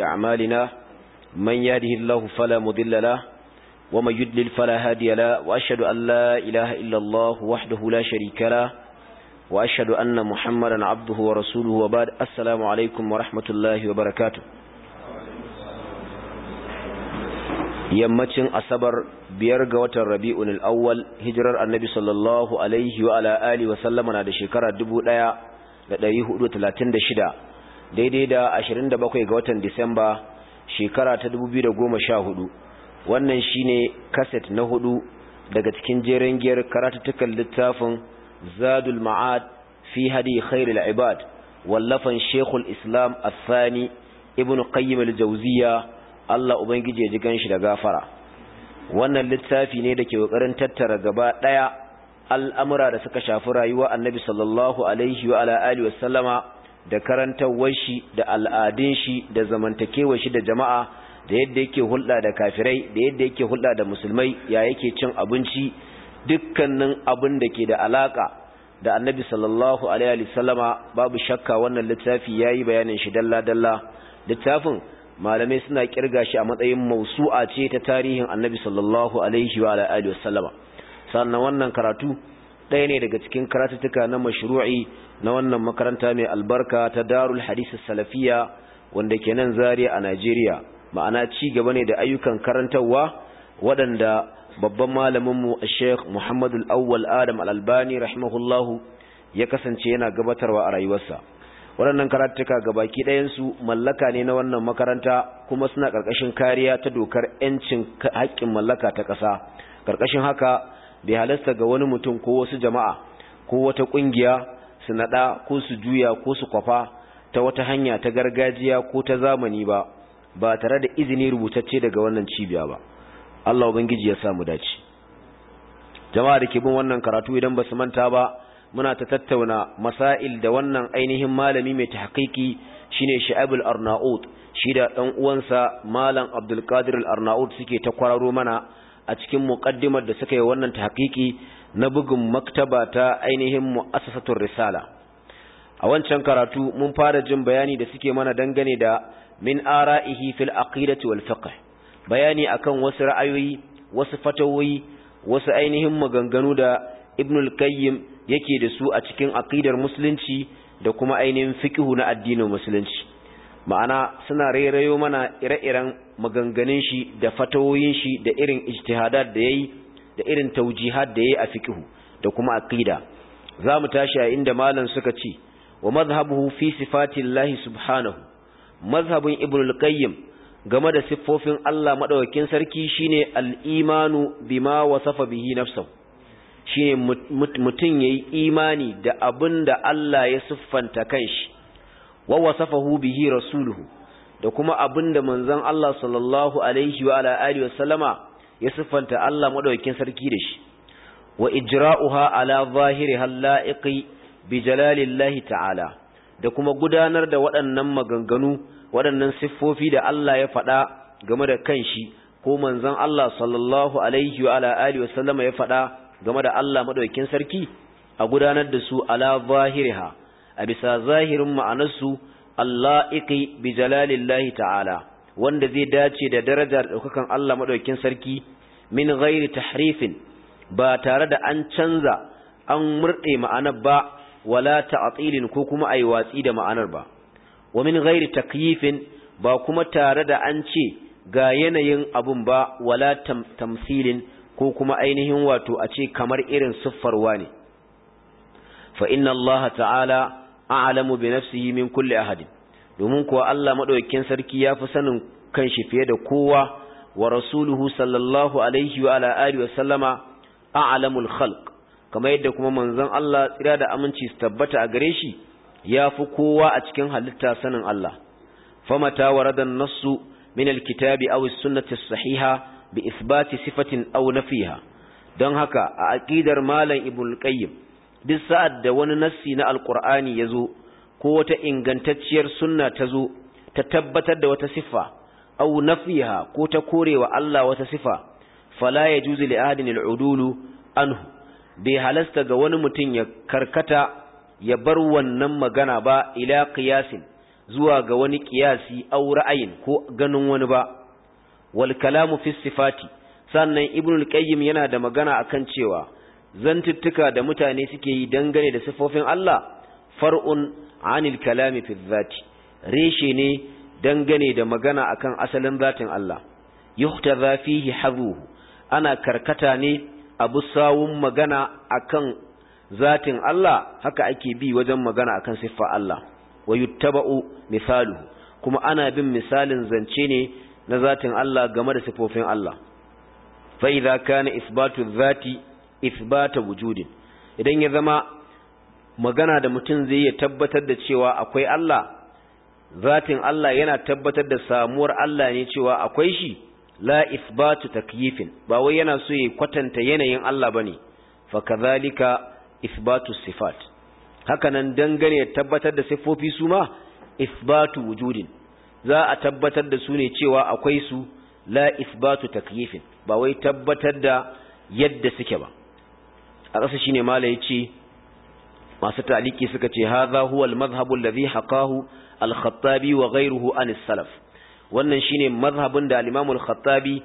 أعمالنا من يهده الله فلا مضل له ومن يدلل فلا هادي له وأشهد أن لا إله إلا الله وحده لا شريك له وأشهد أن محمدا عبده ورسوله وبعد السلام عليكم ورحمة الله وبركاته yammacin asabar biyar ga watan rabi'un al'awwal hijirar annabi sallallahu alaihi wa ala alihi wa sallama na da shekara 1436 daidai da 27 ga watan Disamba shekara ta 2014 wannan shine kaset na hudu daga cikin jerin giyar karatuttukan littafin Zadul Ma'ad fi hadi khairul ibad wallafan shekul Islam a Sani Ibn Qayyim al-Jawziyya Allah ubangije ji ganshi da gafara wannan littafi ne dake kokarin tattara gaba daya al'amura da suka shafi rayuwa Annabi sallallahu alaihi wa ala alihi wasallama da karantawar shi da al'adun shi da zamantakewar shi da jama'a da yadda yake hulɗa da kafirai da yadda yake hulɗa da musulmai ya yake cin abinci dukkanin abin da ke da alaka da annabi sallallahu alaihi babu shakka wannan littafi yayi bayanin shi dalla dalla littafin malamai suna kirga shi a matsayin mausu'a ce ta tarihin annabi sallallahu alaihi wa alihi sallama sannan wannan karatu ɗaya ne daga cikin karatuttuka na mashru'i na wannan makaranta mai albarka ta darul hadisi salafiya wanda ke nan zariya a najeriya ma'ana ci gaba ne da ayyukan karantarwa waɗanda babban malaminmu a sheikh muhammadu al'awwal adam al'albani rahimahullahu ya kasance yana gabatarwa a rayuwarsa waɗannan karatuka gabaki ɗayansu mallaka ne na wannan makaranta kuma suna ƙarƙashin kariya ta dokar 'yancin haƙƙin mallaka ta ƙasa ƙarƙashin haka bai halasta ga wani mutum ko wasu jama'a ko wata ƙungiya su naɗa ko su juya ko su kwafa ta wata hanya ta gargajiya ko ta zamani ba ba tare da izini rubutacce daga wannan cibiya ba Allah ubangiji ya samu dace jama'a da ke bin wannan karatu idan ba su manta ba muna ta tattauna masail da wannan ainihin malami mai tahqiqi shine Sha'ibul Arnaud shi da dan uwansa Malam Abdul Qadir arnaud suke ta kwararo mana a cikin muqaddimar da suka yi wannan tahqiqi na bugun maktaba ta ainihin muassasatul risala a wancan karatu mun fara jin bayani da suke mana dangane da min ara'ihi fil aqidati wal fiqh bayani akan wasu ra'ayoyi wasu fatawoyi wasu ainihin maganganu da ibn al-qayyim yake da su a cikin aqidar musulunci da kuma ainihin fiqhu na addinin musulunci ma'ana suna rairayo mana ire-iren maganganun shi da fatawoyin shi da irin ijtihadat da yayi da irin taujihat da yayi a fiqhu da kuma aqida zamu tashi a inda malam suka ce wa mazhabuhu fi sifatillahi subhanahu mazhabin ibnul al-qayyim game da siffofin Allah madaukakin sarki shine al-imanu bima wasafa bihi nafsuhu shine mutun yayi imani da abinda Allah ya siffanta kanshi wa wasafahu bihi rasuluhu da kuma abinda manzon Allah sallallahu alaihi wa ala alihi ya siffanta Allah madaukakin sarki da shi wa ijra'uha ala zahiriha la'iqi bi jalalillahi ta'ala da kuma gudanar da waɗannan maganganu waɗannan siffofi da Allah ya faɗa game da kanshi ko manzon Allah sallallahu alaihi wa ala alihi ya faɗa game da Allah madaukakin sarki a gudanar da su ala zahiriha a bisa zahirin ma'anarsu Allah iki bi jalalillahi ta'ala wanda zai dace da darajar ɗaukakan Allah maɗaukin sarki min ghairi tahrifin ba tare da an canza an murɗe ma'anar ba wala ta'atilin ko kuma ayi watsi da ma'anar ba wa min ghairi takyifin ba kuma tare da an ce ga yanayin abun ba wala tamsilin ko kuma ainihin wato a ce kamar irin siffarwa ne fa inna Allah ta'ala a'lamu bi nafsihi min kulli ahadin domin kuwa Allah madaukakin sarki ya fi sanin kanshi fiye da kowa wa rasuluhu sallallahu alaihi wa ala alihi wa sallama a'lamul khalq kamar yadda kuma manzon Allah tsira da aminci su tabbata a gare shi ya fi kowa a cikin halitta sanin Allah famata waradan nassu min alkitabi aw as-sunnati as-sahiha bi ithbati sifatin aw nafiha don haka a aqidar malam ibnu qayyim duk sa'ad da wani nassi na ya zo ko wata ingantacciyar sunna zo ta tabbatar da wata sifa au nafiha ko ta kore wa Allah wata siffa fala yajuzu li ahadin al'udulu anhu bai halasta ga wani mutum ya karkata ya bar wannan magana ba ila qiyasin zuwa ga wani kiyasi au ra'ayin ko ganin wani ba wal kalamu fi sifati sannan ibnul qayyim yana da magana akan cewa zantuttuka da mutane suke yi dangane da sifofin Allah far'un anil kalami fi dhati reshe ne dangane da magana akan asalin zatin Allah yuhtaza fihi hazuhu ana karkata ne abu sawun magana akan zatin Allah haka ake bi wajen magana akan siffa Allah wa yuttaba'u misaluhu kuma ana bin misalin zance ne na zatin Allah game da sifofin Allah fa idza kana isbatu dhati ithbata wujudin idan ya zama magana da mutum zai iya tabbatar da cewa akwai Allah zatin Allah yana tabbatar da samuwar Allah ne cewa akwai shi la ithbatu takyifin ba wai yana so ya kwatanta yanayin Allah bane fa kadhalika ithbatu sifat hakanan dangane tabbatar da sifofi su ma ithbatu wujudin za a tabbatar da su ne cewa akwai su la isbatu takyifin ba wai tabbatar da yadda suke ba a ƙasa shine mala ce masu taliki suka ce haza huwa al-madhhabu HaKahu haqahu al-khattabi wa ghayruhu an salaf wannan shine mazhabin da al khattabi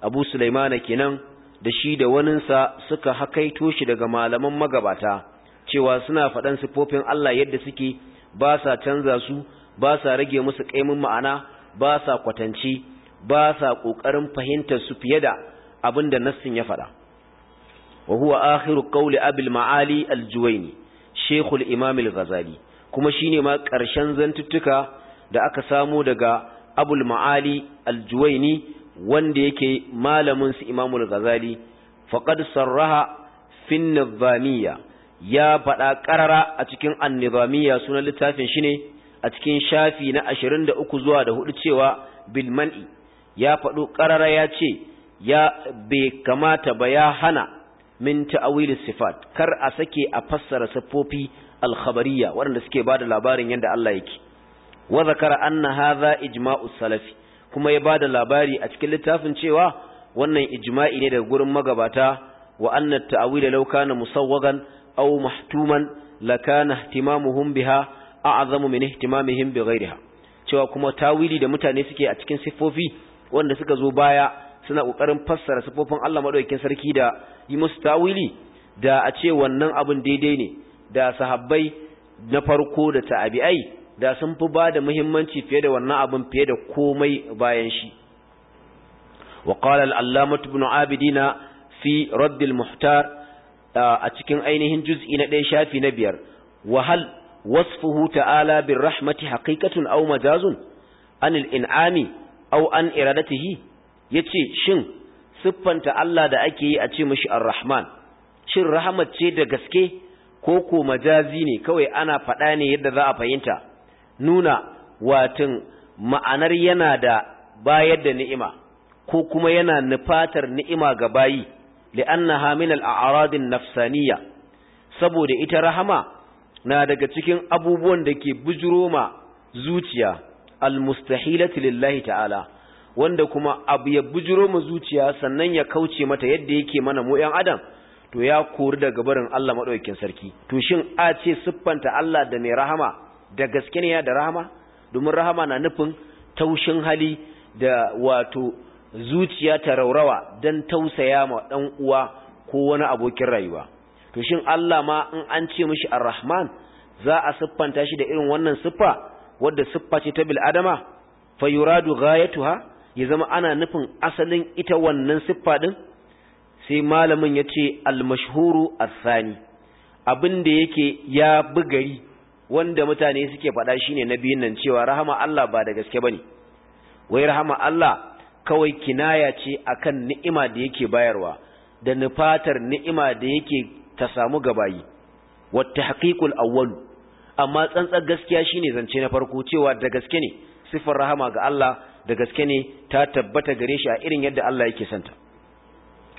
Abu sulaimana kenan da shi da waninsa suka hakaito shi daga malaman magabata cewa suna faɗan sifofin Allah yadda suke ba sa canza su ba sa rage musu ƙaimin ma'ana ba sa kwatance ba sa ƙoƙarin fahimtar su fiye da abin da nassin ya faɗa wa huwa akhiru qawli abil ma'ali al-juwayni shaykhul imam al-ghazali kuma shine ma ƙarshen zantuttuka da aka samo daga Abulma'ali ma'ali al-juwayni wanda yake malamin su imam al-ghazali sarraha fi ya faɗa ƙarara a cikin annizamiyya sunan littafin shine a cikin shafi na ashirin da 23 zuwa da hudu cewa bil ya faɗo ƙarara ya ce ya bai kamata ba ya hana min ta'awil sifat kar a sake a fassara siffofi al-khabariyya waɗanda suke bada labarin yadda Allah yake wa zakara anna hadha ijma'u salafi kuma ya ba da labari a cikin littafin cewa wannan ijma'i ne daga gurin magabata wa anna ta'awil law kana musawwagan aw mahtuman lakana ihtimamuhum biha a'zamu min ihtimamihim bighayriha cewa kuma tawili da mutane suke a cikin siffofi wanda suka zo baya suna ƙoƙarin fassara sifofin Allah maɗaukakin sarki da yi musu tawili da a ce wannan abin daidai ne da sahabbai na farko da ta'abi'ai da sun fi ba da muhimmanci fiye da wannan abin fiye da komai bayan shi wa qala al-allamah ibn abidina fi radd al-muhtar a cikin ainihin juz'i na ɗaya shafi na biyar wa hal wasfuhu ta'ala bir rahmati haqiqatun aw majazun an al-in'ami aw an iradatihi yace shin siffanta Allah da ake yi a ce mishi Ar-Rahman shin rahmat ce da gaske ko ko majazi ne kawai ana faɗa ne yadda za a fahimta nuna watin ma'anar yana da bayar da ni'ima ko kuma yana nufatar ni'ima ga bayi li'annaha min al-a'radin nafsaniyya saboda ita rahama na daga cikin abubuwan da ke bujuro ma zuciya al-mustahilati lillahi ta'ala wanda kuma abu ya bujiro mu zuciya sannan ya kauce mata yadda yake mana mu ƴan adam to ya kori daga barin Allah madaukakin sarki to shin a ce siffanta Allah da mai rahama da gaske ne ya da rahama domin rahama na nufin taushin hali da wato zuciya ta raurawa dan tausaya ma dan uwa ko wani abokin rayuwa to shin Allah ma in an ce mishi ar-rahman za a siffanta shi da irin wannan siffa wadda siffa ce ta bil adama fa yuradu ghayatuha ya zama ana nufin asalin ita wannan siffa din sai malamin ya ce almashhuru athani abin da yake ya bugari wanda mutane suke faɗa shine na biyun nan cewa rahama Allah ba da gaske bane wai rahama Allah kawai kinaya ce akan ni'ima da yake bayarwa da nufatar ni'ima da yake ta samu gabayi wata haƙiƙul awwalu amma tsantsar gaskiya shine zance na farko cewa da gaske ne sifar rahama ga Allah da gaske ne ta tabbata gare shi a irin yadda Allah yake santa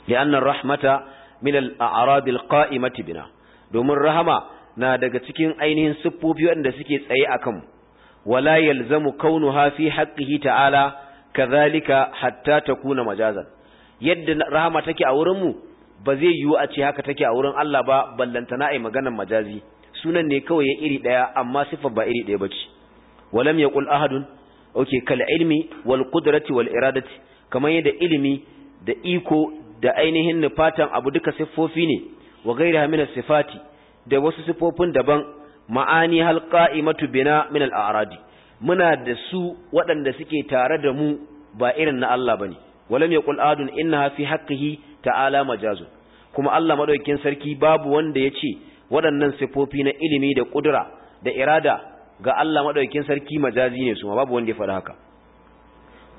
li'annar rahmata min al qaimati bina domin rahama na daga cikin ainihin siffofi wanda suke tsaye akan wala yalzamu kaunuha fi haqqihi ta'ala kadhalika hatta takuna majazan yadda rahama take a wurin mu ba zai yiwu a ce haka take a wurin Allah ba ballantana ai maganar majazi sunan ne kawai ya iri daya amma sifar ba iri daya bace walam yaqul ahadun okay kal ilmi wal qudrati wal iradati kamar yadda ilimi da iko da ainihin nufatan abu duka siffofi ne wa ghairiha min sifati da wasu siffofin daban ma'ani hal qa'imatu bina min al a'radi muna da su waɗanda suke tare da mu ba irin na Allah bane walam yaqul adun innaha fi haqqihi ta'ala majazun kuma Allah madaukakin sarki babu wanda yace waɗannan siffofi na ilimi da kudura da irada ga Allah madaukakin sarki majazi ne su babu wanda ya faɗa haka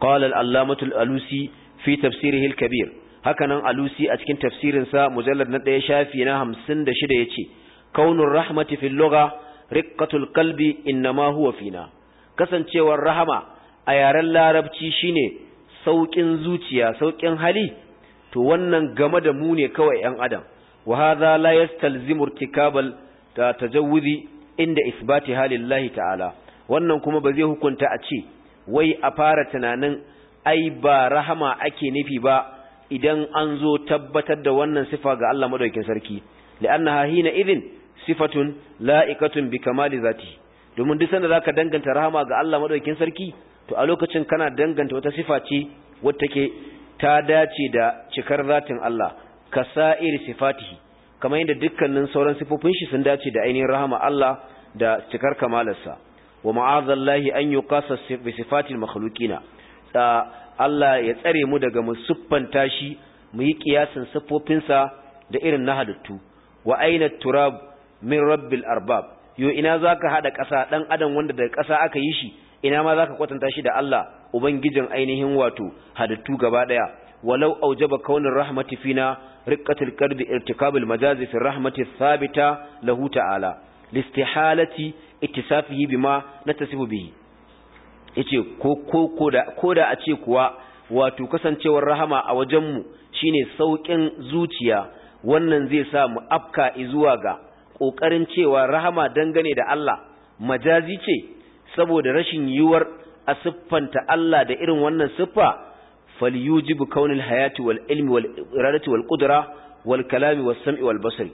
qala al-allamatu al-alusi fi tafsirihi al-kabir hakanan alusi a cikin tafsirin sa mujallad na 1 shafi na 56 yace kaunur rahmati fil lugha riqqatul qalbi inma huwa fina kasancewar rahama a yaren larabci shine saukin zuciya saukin hali to wannan game da mu ne kawai yan adam wa hadha la yastalzimu irtikabal tajawuzi inda isbati halillahi ta'ala wannan kuma ba zai hukunta a ce wai a fara tunanin ai ba rahama ake nufi ba idan an zo tabbatar da wannan sifa ga Allah madaukakin sarki la'anna hina idin sifatun la'ikatun bi kamali zati domin duk sanda zaka danganta rahama ga Allah madaukakin sarki to a lokacin kana danganta wata sifa ce wacce take ta dace da cikar zatin Allah kasairi sifatihi kamar yadda dukkanin sauran sifofin shi sun dace da ainihin rahama Allah da cikar kamalarsa wa ma'azallahi an yuqasa bi sifatil makhluqina Allah ya tsare mu daga mu siffanta shi mu yi kiyasin siffofinsa da irin na halittu wa aina turab min rabbil arbab yo ina zaka hada ƙasa dan adam wanda daga ƙasa aka yi shi ina ma zaka kwatanta shi da Allah ubangijin ainihin wato halittu gaba daya ولو أوجب كون الرحمة فينا رقة القلب ارتكاب المجاز في الرحمة الثابتة له تعالى لاستحالة اتصافه بما نتصف به yace ko ko koda a ce kuwa wato kasancewar rahama a wajenmu shine saukin zuciya wannan zai sa mu afka zuwa ga kokarin cewa rahama dangane da Allah majazi ce saboda rashin yiwuwar a siffanta Allah da irin wannan siffa فليوجب كون الحياة والعلم والإرادة والقدرة والكلام والسمع والبصر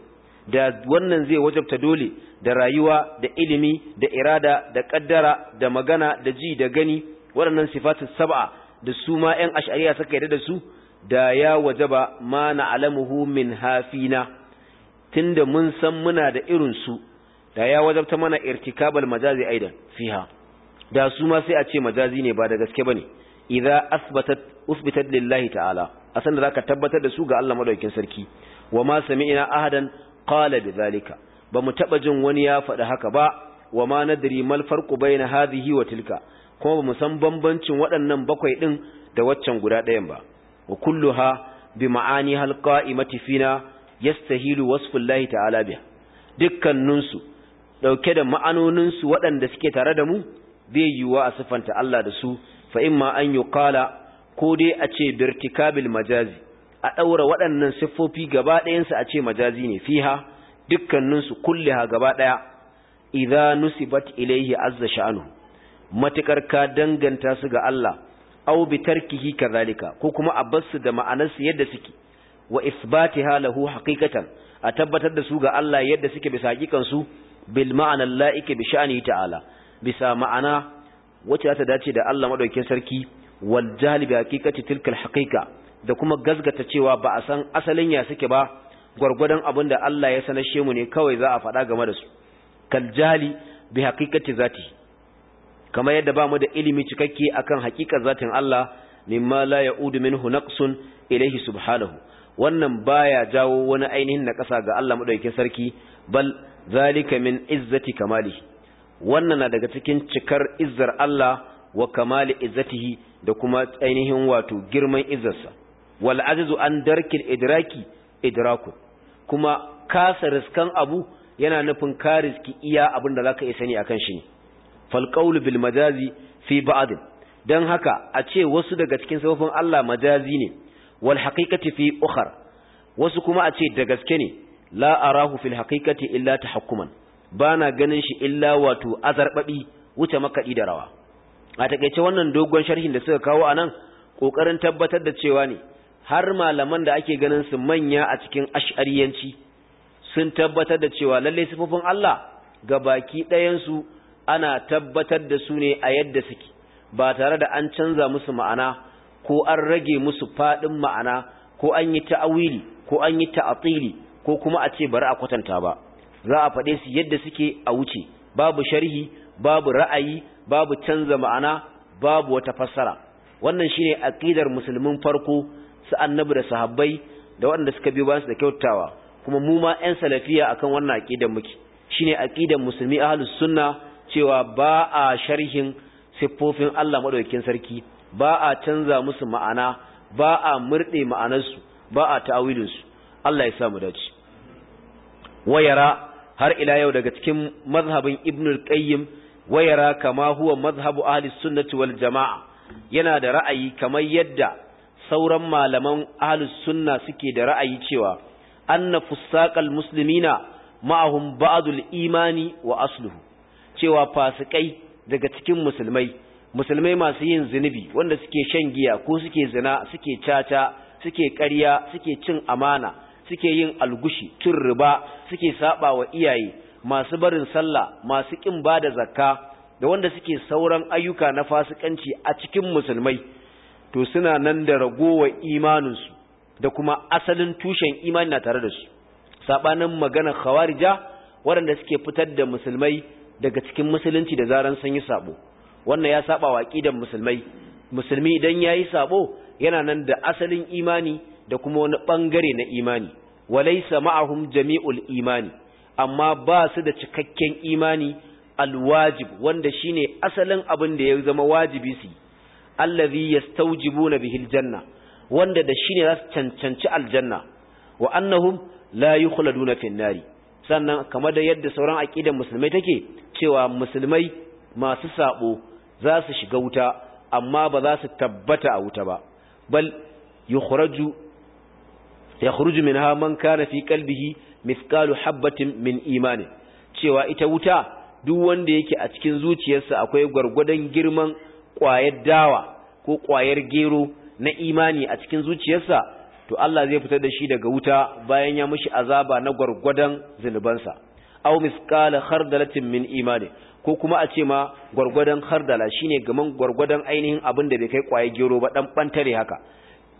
da wannan zai wajabta dole da rayuwa da ilimi da irada da kaddara da magana da ji da gani waɗannan sifatin sab'a da su ma 'yan ash'ariya suka yarda da su da ya wajaba ma na'lamuhu min hafina tunda mun san muna da irin su da ya wajabta mana irtikabal majazi aidan fiha da su ma sai a ce majazi ne ba da gaske bane idza asbatat usbitat lillahi ta'ala asan da zaka tabbatar da su ga Allah madaukakin sarki wa ma sami'na ahadan qala bidhalika ba mu taba jin wani ya faɗi haka ba wa ma nadri mal farqu bayna hadhihi wa tilka kuma ba mu san bambancin waɗannan bakwai din da waccan guda ɗayan ba wa kulluha bi ma'ani hal qa'imati fina yastahilu llahi ta'ala biha dukkaninsu dauke da ma'anoninsu waɗanda suke tare da mu zai yiwuwa a siffanta Allah da su fa imma an yuqala ko dai a ce birtikabil majazi a ɗaura waɗannan siffofi gaba ɗayansu a ce majazi ne fiha dukkaninsu kulliha gaba ɗaya idza nusibat ilaihi azza sha'anu matukar ka danganta su ga Allah aw bi tarkihi kadhalika ko kuma a bar su da ma'anarsu yadda suke wa isbatiha lahu haqiqatan a tabbatar da su ga Allah yadda suke bisa hakikan su bil ma'ana la'ika bi sha'ani ta'ala bisa ma'ana wacce za ta dace da Allah madaukakin sarki wal jahli bi haqiqati tilka al da kuma gazgata cewa ba a san asalin ya suke ba gwargwadon abin da Allah ya sanar mu ne kawai za a faɗa game da su kal jali bi haqiqati zati kamar yadda ba mu da ilimi cikakke akan haqiqar zatin Allah mimma la ya'udu minhu naqsun ilayhi subhanahu wannan baya jawo wani ainihin na ƙasa ga Allah madauke sarki bal zalika min izzati kamali wannan na daga cikin cikar izzar Allah wa kamali izzatihi da kuma ainihin wato girman izarsa, wal azizu an darkin idraki idraku kuma kasa riskan abu yana nufin ka riski iya abin da zaka iya sani akan shi fal falkaulu bil majazi fi ba'adin, dan haka a ce wasu daga cikin sababin Allah majazi ne wal haqiqati fi ukhar wasu kuma a ce da gaske ne la arahu fil haqiqati illa tahakkuman bana ganin shi illa wato azarbabi wuce makadi da rawa a takaice wannan dogon sharhin da suka kawo anan kokarin tabbatar da cewa ne har malaman da ake ganin su manya a cikin ash'ariyanci sun tabbatar da cewa lalle sifofin Allah ga baki ɗayan su ana tabbatar da su ne a yadda suke ba tare da an canza musu ma'ana ko an rage musu faɗin ma'ana ko an yi ta'awili ko an yi ta'atili ko kuma a ce bari a kwatanta ba za a faɗe su yadda suke a wuce babu sharhi babu ra'ayi babu canza ma'ana babu wata fassara wannan shine aqidar musulmin farko su annabi da sahabbai da waɗanda suka biyo bayansu da kyautawa kuma mu ma ƴan salafiya akan wannan aqidar muke shine aqidar musulmi ahlus sunna cewa ba a sharhin siffofin Allah madaukakin sarki ba a canza musu ma'ana ba a murde ma'anarsu ba a ta'awilinsu Allah ya sa mu dace wayara har ila yau daga cikin mazhabin ibnul qayyim wayara kama huwa mazhabu ahli sunnati wal jama'a yana da ra'ayi kamar yadda sauran malaman ahli sunna suke da ra'ayi cewa anna fusaqal muslimina ma'ahum ba'dul imani wa asluhu cewa fasikai daga cikin musulmai musulmai masu yin zunubi wanda suke shan giya ko suke zina suke caca suke ƙarya suke cin amana suke yin algushi tun riba suke saba wa iyaye masu barin sallah masu kin bada zakka da wanda suke sauran ayyuka na fasikanci a cikin musulmai to suna nan da ragowar imaninsu da kuma asalin tushen imani na tare da su sabanin maganar khawarija waɗanda suke fitar da musulmai daga cikin musulunci da zaran sun yi sabo wannan ya saba wa aqidan musulmai musulmi idan yayi saɓo, yana nan da asalin imani da kuma wani ɓangare na imani walaysa ma'ahum jami'ul imani amma ba su da cikakken imani alwajib wanda shine asalin abin da ya zama wajibi su allazi yastawjibuna bihil janna, wanda da shine za su cancanci aljanna wa annahum la yukhladuna fin nari sannan kamar da yadda sauran aqidar musulmai take cewa musulmai masu sabo za su shiga wuta amma ba za su tabbata a wuta ba bal yukhraju yakhruju minha man kana fi qalbihi mithqalu habatin min imani cewa ita wuta duk wanda yake a cikin zuciyarsa akwai gwargwadon girman ƙwayar dawa ko ƙwayar gero na imani a cikin zuciyarsa to Allah zai fitar da shi daga wuta bayan ya mishi azaba na gwargwadon zunubansa aw misqala khardalatin min imani ko kuma a ce ma gwargwadon hardala shine gaman gwargwadon ainihin abin da bai kai ƙwayar gero ba dan bantare haka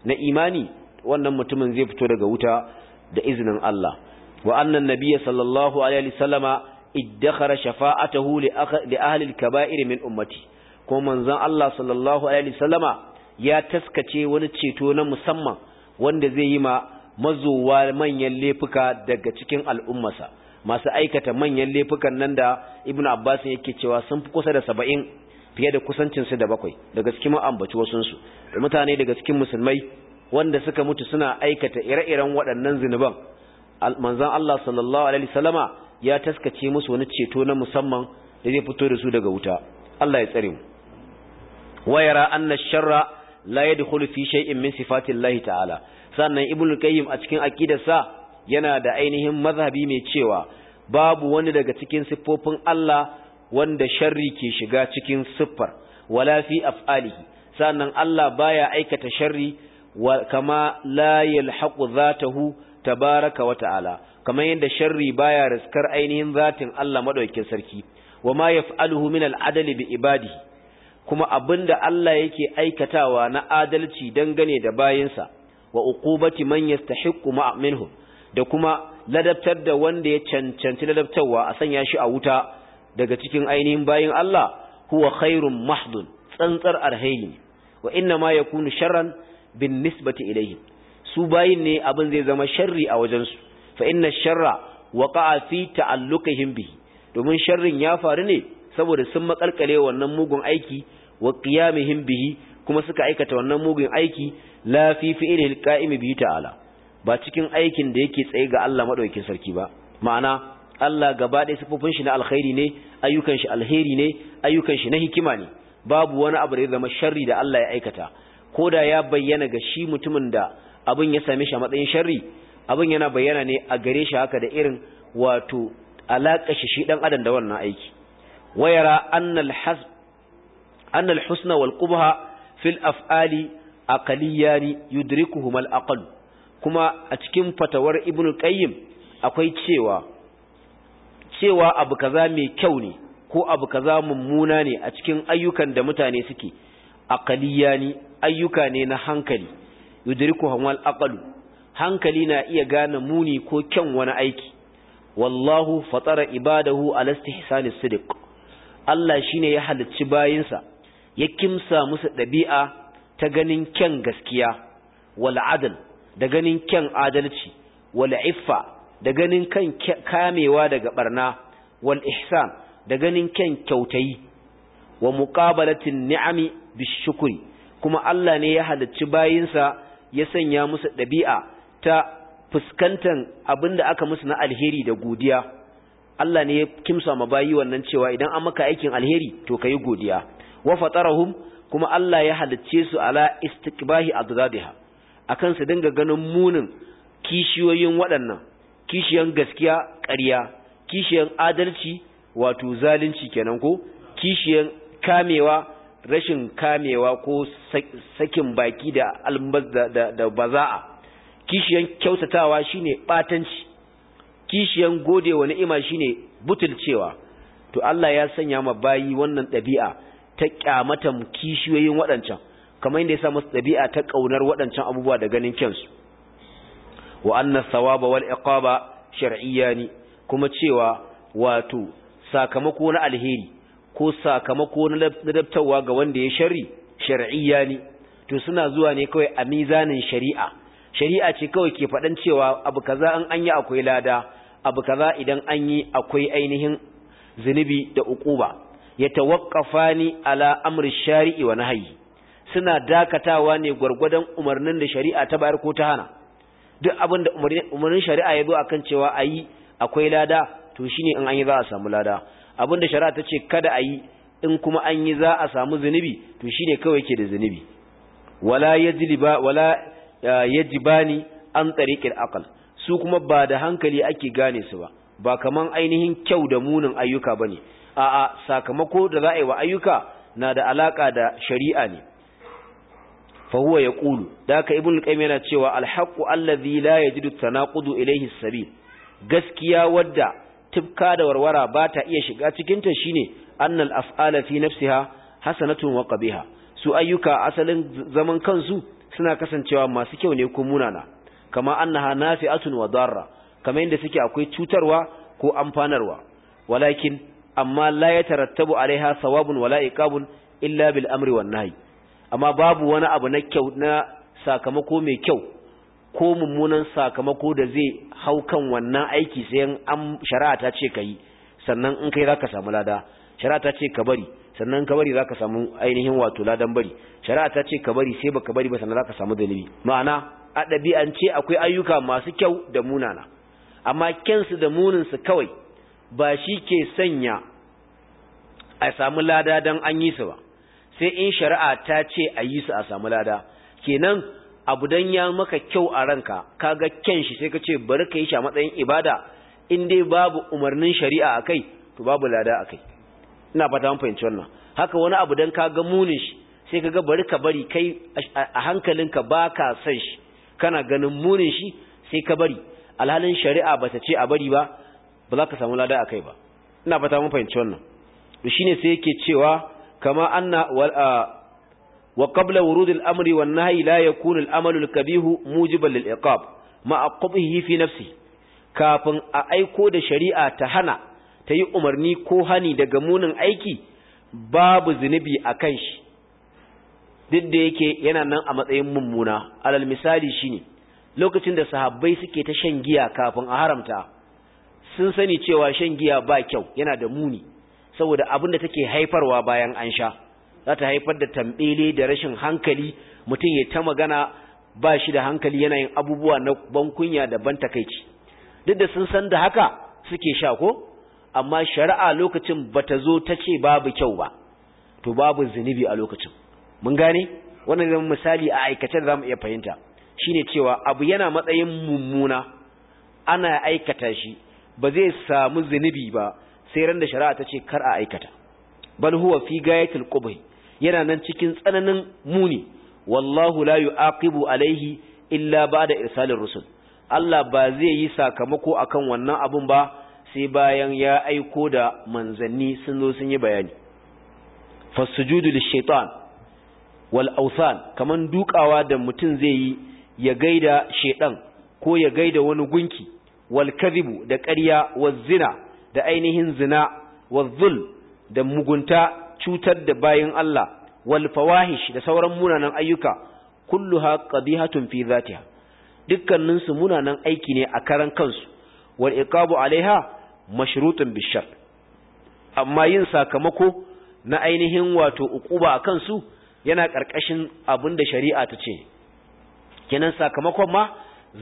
na imani wannan mutumin zai fito daga wuta da izinin Allah wa annan nabiyya sallallahu alaihi wasallama iddakhara shafa'atahu li ahli al-kaba'ir min ummati ko manzon Allah sallallahu alaihi wasallama ya taskace wani ceto na musamman wanda zai yi ma mazuwa manyan laifuka daga cikin al'ummarsa masu aikata manyan laifukan nan da ibnu abbas yake cewa sun fi kusa da 70 fiye da kusancinsu da bakwai daga cikin ambaci wasunsu mutane daga cikin musulmai wanda suka mutu suna aikata ire-iren waɗannan zinuban manzon Allah sallallahu alaihi wasallama ya taskace musu wani ceto na musamman da zai fito da su daga wuta Allah ya tsare mu Wayara yara anna sharra la yadkhulu fi shay'in min sifati Allah ta'ala sannan ibnu qayyim a cikin aqidarsa yana da ainihin mazhabi mai cewa babu wani daga cikin siffofin Allah wanda sharri ke shiga cikin siffar wala fi af'alihi sannan Allah baya aikata sharri wa kama la yalhaqu zatahu tabaraka wa ta'ala kamar yadda sharri baya riskar ainihin zatin Allah madaukakin sarki wa wama yaf'aluhu min al'adl bi ibadi kuma abinda Allah yake aikatawa na adalci dangane da bayinsa wa uqubati man yastahiqqu ma minhum da kuma ladabtar da wanda ya cancanci ladabtarwa a sanya shi a wuta daga cikin ainihin bayin Allah huwa khairun mahdun tsantsar alheri wa inna ma yakunu sharran bin nisbati ilayhi su bayin ne abin zai zama sharri a wajen su. fa inna sharra waqa'a fi ta'alluqihim bihi domin sharrin ya faru ne saboda sun makalkale wannan mugun aiki wa qiyamihim bihi kuma suka aikata wannan mugun aiki la fi fi'lil qa'imi bi ta'ala ba cikin aikin da yake tsaye ga Allah madaukakin sarki ba ma'ana Allah gaba ɗaya sifofin shi na alkhairi ne ayyukan shi alheri ne ayyukan shi na hikima ne babu wani abu da ya zama sharri da Allah ya aikata ko da ya bayyana ga shi mutumin da abin ya same shi a matsayin sharri abin yana bayyana ne a gare shi haka da irin wato alaƙa shi shi ɗan adam da wannan aiki wayara annal husna wal qubha fil af'ali aqliyani yudrikuhum al aql kuma a cikin fatawar ibnu qayyim akwai cewa cewa abu kaza mai kyau ne ko abu kaza mummuna ne a cikin ayyukan da mutane suke aqliyani ayyuka ne na hankali yudriku hamal aqalu hankali na iya gane muni ko kyan wani aiki wallahu fatara ibadahu ala as sidiq Allah shine ya halicci bayinsa ya kimsa musu dabi'a ta ganin kyan gaskiya wal adl da ganin kyan adalci wal iffa da ganin kan kamewa daga barna wal ihsan da ganin kyan kyautai. wa muqabalatin ni'ami bishukri kuma Allah ne ya halicci bayinsa ya sanya musu ɗabi'a ta fuskantar abin da aka musu na alheri da godiya Allah ne ya kimsa ma bayi wannan cewa idan an maka aikin alheri to ka yi godiya wa fatarahum kuma Allah ya halicce su ala istikbahi A akan su dinga ganin munin kishiyoyin waɗannan kishiyan gaskiya ƙarya kishiyan adalci wato zalunci kenan ko kishiyan kamewa rashin kamewa ko sakin baki da almas da baza'a kishiyan kyautatawa shine batanci kishiyan godewa ni'ima shine butulcewa to Allah ya sanya ma bayi wannan ɗabi'a ta kyamatan kishiyoyin waɗancan kamar yadda ya sa musu ɗabi'a ta ƙaunar waɗancan abubuwa da ganin kyansu wa anna thawaba wal iqaba shar'iyani kuma cewa wato sakamako na alheri ko sakamako na ladabtarwa ga wanda ya shari shar'iyya ne to suna zuwa ne kawai a mizanin shari'a shari'a ce kawai ke faɗan cewa abu kaza in an yi akwai lada abu kaza idan an yi akwai ainihin zunubi da uquba yatawaqqafani ala amri shari'i wa nahyi suna dakatawa ne gwargwadon umarnin da shari'a ta bayar ko ta hana duk abin da umarnin shari'a ya zo akan cewa ayi akwai lada to shine in an yi za a samu lada abinda shari'a ta ce kada a yi in kuma an yi za a samu zunubi to shine kawai ke da zunubi wala ji ba ni an tariqil akal su kuma ba da hankali ake gane su ba ba kaman ainihin kyau da munin ayyuka ba ne. a'a sakamako da za a yi wa ayyuka na da alaƙa da shari'a ne ya ƙulu da daka ibnu qayyim yana cewa Allah allazi la ya ji yajidu ƙudu ilai hisabi. gaskiya wadda tibka da warwara ba ta iya shiga cikinta shine annal af'ala fi nafsiha hasanatun wa qabiha su ayyuka asalin zaman kansu suna kasancewa masu kyau ne ko munana kama annaha nafi'atun wa darra kamar yadda suke akwai cutarwa ko amfanarwa walakin amma la yatarattabu alaiha sawabun wala iqabun illa bil amri wan nahi amma babu wani abu na kyau na sakamako mai kyau ko mummunan sakamako da zai hau kan wannan aiki sai an shari'a ta ce ka yi sannan in kai za ka samu lada shari'a ta ce ka bari sannan ka bari za ka samu ainihin wato ladan bari shari'a ta ce ka bari sai baka bari ba sannan za ka samu dalili ma'ana a ɗabi'ance akwai ayyuka masu kyau da munana amma kyansu da muninsu kawai ba shi ke sanya a samu lada don an yi su ba sai in shari'a ta ce a yi su a samu lada kenan abu dan ya maka kyau a ranka kaga kyan shi sai ka ce bari ka yi shi a matsayin ibada in dai babu umarnin shari'a a kai to babu lada a kai. ina fata mun fahimci wannan haka wani abu dan kaga munin shi sai kaga bari ka bari kai a hankalinka ka san shi kana ganin munin shi sai ka bari alhalin shari'a bata ce a bari ba ba za ka samu lada a kai ba ina fata mun fahimci wannan to shine sai yake cewa kama anna Wa wurudil وقبل ورود الأمر والنهي لا يكون الأمل الكبيه موجبا Kafin a aiko da shari'a ta hana ta yi umarni ko hani daga munin aiki, babu باب ذنبي أكنش duk da yake yana nan a matsayin mummuna alal misali shine lokacin da sahabbai suke ta shan giya kafin a haramta sun sani cewa shan giya ba kyau yana da muni saboda abin da take haifarwa bayan an sha za ta haifar da tambele da rashin hankali mutum ya ta magana ba shi da hankali yana yin abubuwa na bankunya da ban takaici duk da sun san da haka suke sha ko amma shari'a lokacin bata zo ta ce babu kyau ba to babu zunubi a lokacin mun gane wannan zama misali a aikace da zamu iya fahimta shine cewa abu yana matsayin mummuna ana aikata shi ba zai samu zunubi ba sai ran da shari'a ta ce kar a aikata bal huwa fi gayatil qubh yana nan cikin tsananin muni wallahu la yu'aqibu alaihi illa ba'da irsalir rusul Allah ba zai yi sakamako akan wannan abun ba sai bayan ya aiko da manzanni sun zo sun yi bayani fasujudu lishaitan wal awsan kaman dukawa da mutum zai yi ya gaida shaitan ko ya gaida wani gunki wal kadhibu da ƙarya wal zina da ainihin zina wal zul da mugunta cutar da bayin Allah wal fawahish da sauran munanan ayyuka kulluha qabihatun fi zatiha dukkanin su munanan aiki ne a karan kansu wal iqabu alaiha mashrutun bishar amma yin sakamako na ainihin wato uquba a kansu yana karkashin abin da shari'a ta ce kenan sakamakon ma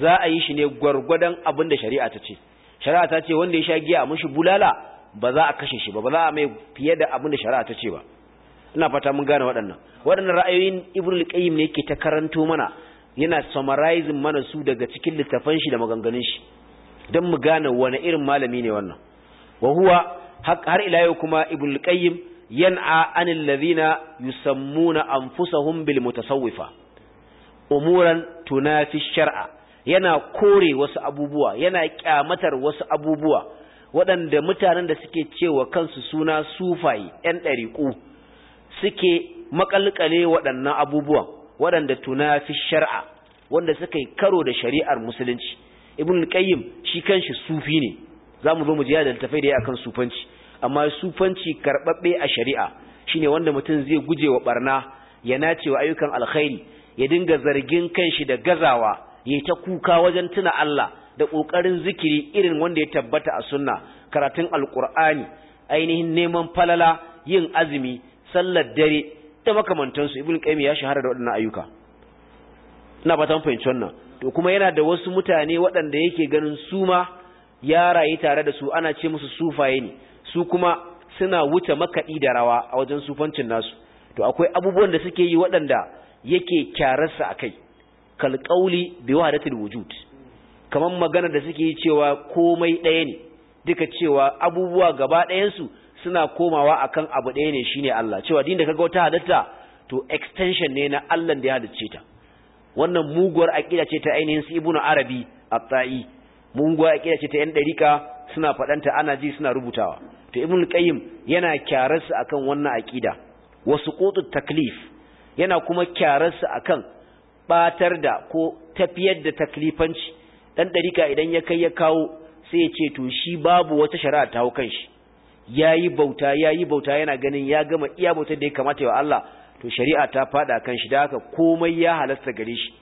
za a yi shi ne gwargwadon abin da shari'a ta ce shari'a ta ce wanda ya sha giya a mushi bulala ba za a kashe shi ba ba za a mai fiye da abin da shari'a ta ce ba ina fata mun gane waɗannan waɗannan ra'ayoyin ibnu al-qayyim ne yake ta karanto mana yana summarizing mana su daga cikin littafan shi da maganganun shi dan mu gane wani irin malami ne wannan wa huwa har ila yau kuma ibnu al-qayyim yan'a anil ladhina yusammuna anfusahum bil mutasawwifa umuran tunafi shar'a yana kore wasu abubuwa yana kyamatar wasu abubuwa waɗanda mutanen da suke cewa kansu suna sufaye ‘yan ɗariƙu suke makalkale waɗannan abubuwan waɗanda tuna fi shari'a wanda suka yi karo da shari'ar musulunci ibn qayyim shi kanshi sufi ne za mu zo mu jiya da tafai da ya akan sufanci amma sufanci karɓaɓɓe a shari'a shine wanda mutum zai guje wa barna ya nace wa ayyukan alkhairi ya dinga zargin kanshi da gazawa ya ta kuka wajen tuna Allah da ƙoƙarin zikiri irin wanda ya tabbata a sunna karatun alƙur'ani ainihin neman falala yin azumi sallar dare da makamantansu ibn qayyim ya shahara da waɗannan ayyuka ina ba ta fahimci wannan to kuma yana da wasu mutane waɗanda yake ganin su ma ya rayu tare da su ana ce musu sufaye ne su kuma suna wuce makaɗi da rawa a wajen sufancin nasu to akwai abubuwan da suke yi waɗanda yake kyararsa a kai kalƙauli bi wahadatul wujud kamar magana da suke yi cewa komai ɗaya ne duka cewa abubuwa gaba ɗayansu suna komawa akan abu ɗaya ne shine Allah cewa din da kaga wata hadatta to extension ne na Allah da ya halicce ta wannan muguwar aqida ce ta ainihin su ibnu arabi at-ta'i muguwar aqida ce ta yan dariqa suna fadanta ana ji suna rubutawa to ibnu qayyim yana kyarar su akan wannan aqida wasu qutut taklif yana kuma kyarar su akan batar da ko tafiyar da taklifanci dan dariƙa idan ya kai ya kawo sai ya ce to shi babu wata shari'a ta hau kanshi yayi bauta yayi bauta yana ganin ya gama iya bautar da ya kamata wa Allah to shari'a ta fada kan shi da haka komai ya halasta gare shi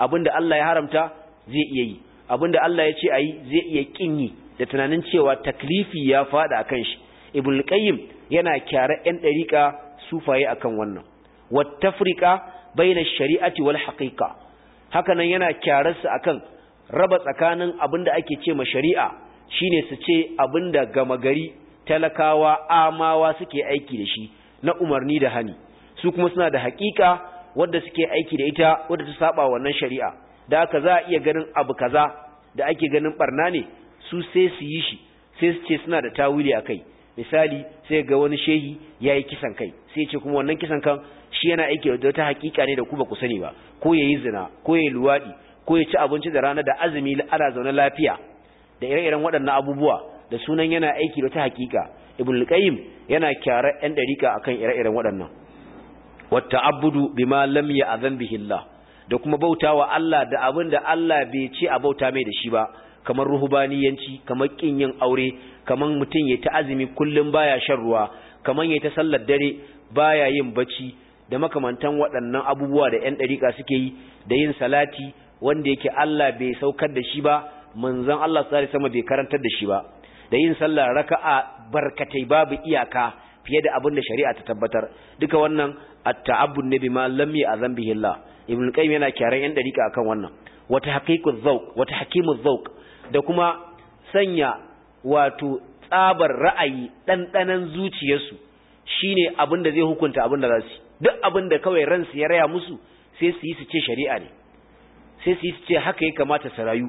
abinda Allah ya haramta zai iya yi abinda Allah ya ce ayi zai iya kin yi da tunanin cewa taklifi ya fada kan shi ibn qayyim yana kyara ɗan dariƙa sufaye akan wannan wattafriqa baina shari'ati wal haqiqa hakanan yana kyararsa akan raba tsakanin abin da ake ce ma shari'a shine su ce abin da gama gari talakawa amawa suke aiki da shi na umarni da hani su kuma suna da hakika wadda suke aiki da ita wadda ta saba wannan shari'a da aka za a iya ganin abu kaza da ake ganin barna ne su sai su yi shi sai su ce suna da tawili a kai misali sai ga wani shehi ya yi kisan kai sai ce kuma wannan kisan kan shi yana aiki da wata hakika ne da ku ba ku sani ba ko ya yi zina ko ya yi luwaɗi ko ya ci abinci da rana da azumi ana zaune lafiya da ire-iren waɗannan abubuwa da sunan yana aiki da ta hakika ibn qayyim yana kyara ɗan dariƙa akan ire-iren waɗannan wata abudu bima lam ya'zan bihi Allah da kuma bautawa Allah da abin da Allah bai ce a bauta mai da shi ba kamar ruhubaniyanci kamar kin yin aure kamar mutum ya ta azumi kullum baya shan ruwa kamar ya ta sallar dare baya yin bacci da makamantan waɗannan abubuwa da 'yan ɗariƙa suke yi da yin salati wanda yake Allah bai saukar da shi ba manzon Allah sallallahu alaihi wasallam bai karantar da shi ba da yin sallah raka'a barkatai babu iyaka fiye da abin da shari'a ta tabbatar duka wannan at-ta'abbud nabi ma lam ya'zam bihi Allah ibn qayyim yana kiran yan dariqa akan wannan wata haqiquz zawq wata hakimul zawq da kuma sanya wato tsabar ra'ayi ɗanɗanan zuciyarsu shine abin da zai hukunta abin da za su duk abin da kawai ransu ya raya musu sai su yi su ce shari'a ne sai su ce haka ya kamata su rayu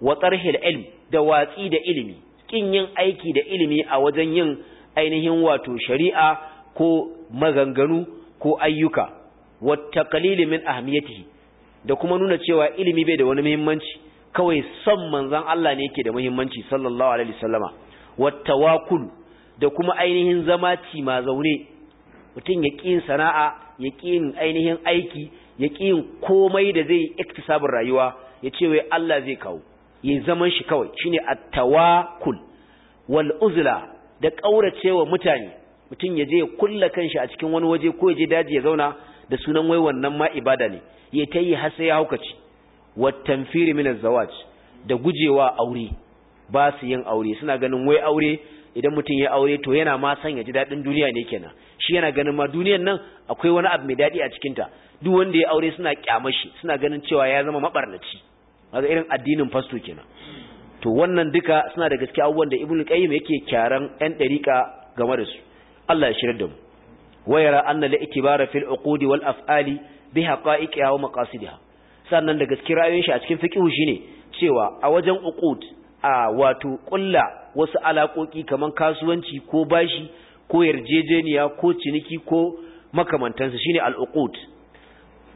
wa tarhil ilm da watsi da ilimi kin yin aiki da ilimi a wajen yin ainihin wato shari'a ko maganganu ko ayyuka wa taqlil min ahmiyatihi da kuma nuna cewa ilimi bai da wani muhimmanci kawai son manzon Allah ne yake da muhimmanci sallallahu alaihi wasallama wa tawakkul da kuma ainihin zama ci ma zaune mutum ya ƙin sana'a ya ƙin ainihin aiki ya ƙi komai da zai yi iktisabin rayuwa ya ce wai Allah zai kawo ya zaman shi kawai shine at-tawakkul wal uzla da ƙauracewa mutane mutum ya je ya kulla kanshi a cikin wani waje ko ya je daji ya zauna da sunan wai wannan ma ibada ne ya ta yi har ya haukaci wat tanfiri min az da gujewa aure ba su yin aure suna ganin wai aure idan mutum ya aure to yana ma san ya ji daɗin duniya ne kenan shi yana ganin ma duniyar nan akwai wani abu mai daɗi a cikinta duk wanda ya aure suna kyamashi suna ganin cewa ya zama mabarnaci kaga irin addinin fasto kenan to wannan duka suna da gaske abubuwan da ibnu qayyim yake kyaran yan dariqa game da su Allah ya shirar da mu wayara anna la ikbara fil uqud wal af'ali bi haqa'iqiha wa maqasidiha sannan da gaske ra'ayoyin shi a cikin fiqhu shine cewa a wajen uqud a wato kulla wasu alaƙoƙi kaman kasuwanci ko bashi ko yarjejeniya ko ciniki ko makamantansa shine al-uqud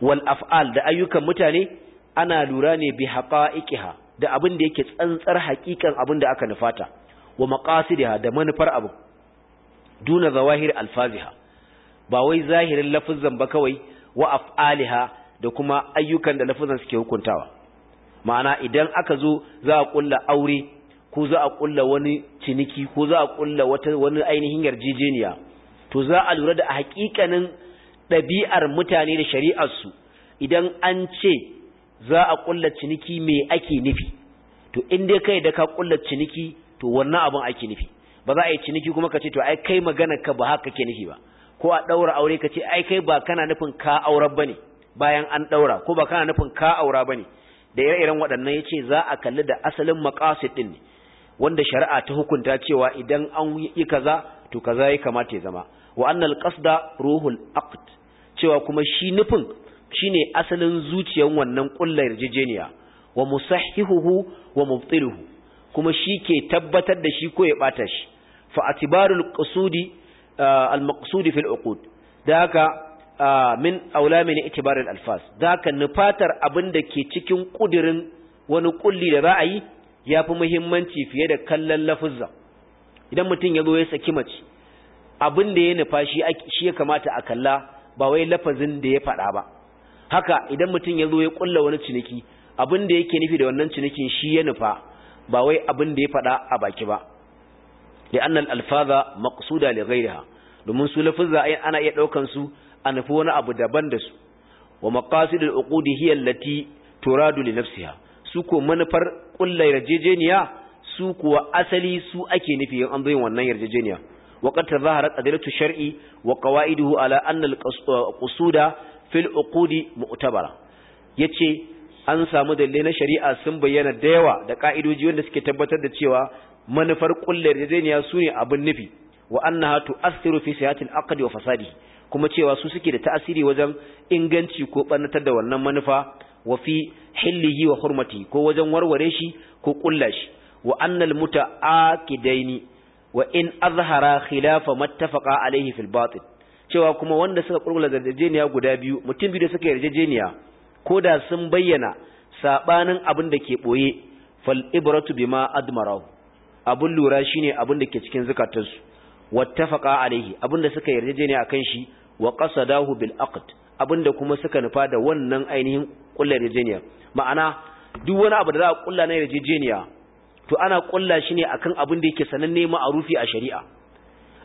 wal af'al da ayyukan mutane ana lura ne bi haqa'iqiha da abin da yake tsantsar haƙiƙan abin da aka nufata wa maqasidiha da manufar abu duna zawahir alfaziha ba wai zahirin lafuzan ba kawai wa af'aliha da kuma ayyukan da lafuzan suke hukuntawa ma'ana idan aka zo za a kulla aure ko za a kulla wani ciniki ko za a kulla wata wani ainihin yarjejeniya to za a lura da haƙiƙanin ɗabi'ar mutane da shari'arsu idan an ce za a ƙulla ciniki me ake nufi to in dai kai da ka ƙulla ciniki to wannan abin ake nufi ba za a yi ciniki kuma ka ce to ai kai magana ka ba haka ke nufi ba ko a ɗaura aure ka ce ai kai ba kana nufin ka aurar ba ne bayan an ɗaura ko ba kana nufin ka aura ba ne da ire-iren waɗannan ya ce za a kalli da asalin makasid ɗin ne wanda shari'a ta hukunta cewa idan an yi kaza to kaza ya kamata ya zama wa annal qasda ruhul aqd cewa kuma shi nufin shine asalin zuciyar wannan kullar yarjejeniya wa musahhihuhu wa mubtiluhu kuma shi ke tabbatar da shi ko ya bata shi fa atibarul qusudi ah, al maqsudi fil uqud da ka ah, min aula min itibarul alfas da nufatar abin da ke cikin kudirin wani kulli da ra'ayi yafi muhimmanci fiye da kallon lafuzza idan mutum ya zo ya saki mace abin da ya nufa shi ya kamata a kalla ba wai lafazin da ya faɗa ba haka idan mutum ya zo ya ƙulla wani ciniki abin da yake nufi da wannan cinikin shi ya nufa ba wai abin da ya faɗa a baki ba da alfaza maqsuda li ghayriha domin su lafuzza ana iya ɗaukan su a nufi wani abu daban da su wa maqasidul uqudi hiya allati turadu li nafsiha su ko manufar ƙulla yarjejeniya su kuwa asali su ake nufi in an zo yin wannan yarjejeniya وقد تظاهرت أدلة الشرع وقوائده على أن القصود في العقود مؤتبرة يتي an samu dalilai na shari'a sun bayyana da yawa da ka'idoji wanda suke tabbatar da cewa manufar kullar yarjejeniya su ne abin nufi wa annaha tu'assiru fi sihatil aqdi wa fasadi kuma cewa su suke da ta'asiri wajen inganci ko barnatar da wannan manufa wa fi wa hurmati ko wajen warware shi ko kullashi wa annal muta'aqidaini wa in azhara khilafa mattafaqa alaihi fil batil cewa kuma wanda suka kurgula yarjejeniya guda biyu mutum biyu da suka yarjejeniya ko da sun bayyana sabanin abin da ke boye fal ibratu bima admarahu abun lura shine abin da ke cikin zakatansu wattafaqa alaihi abin da suka yarjejeniya akan shi wa qasadahu bil aqd abin da kuma suka nufa da wannan ainihin kullar yarjejeniya ma'ana duk wani abu da za a kulla na yarjejeniya to ana kulla shi ne akan abin da yake sananne ma'arufi a shari'a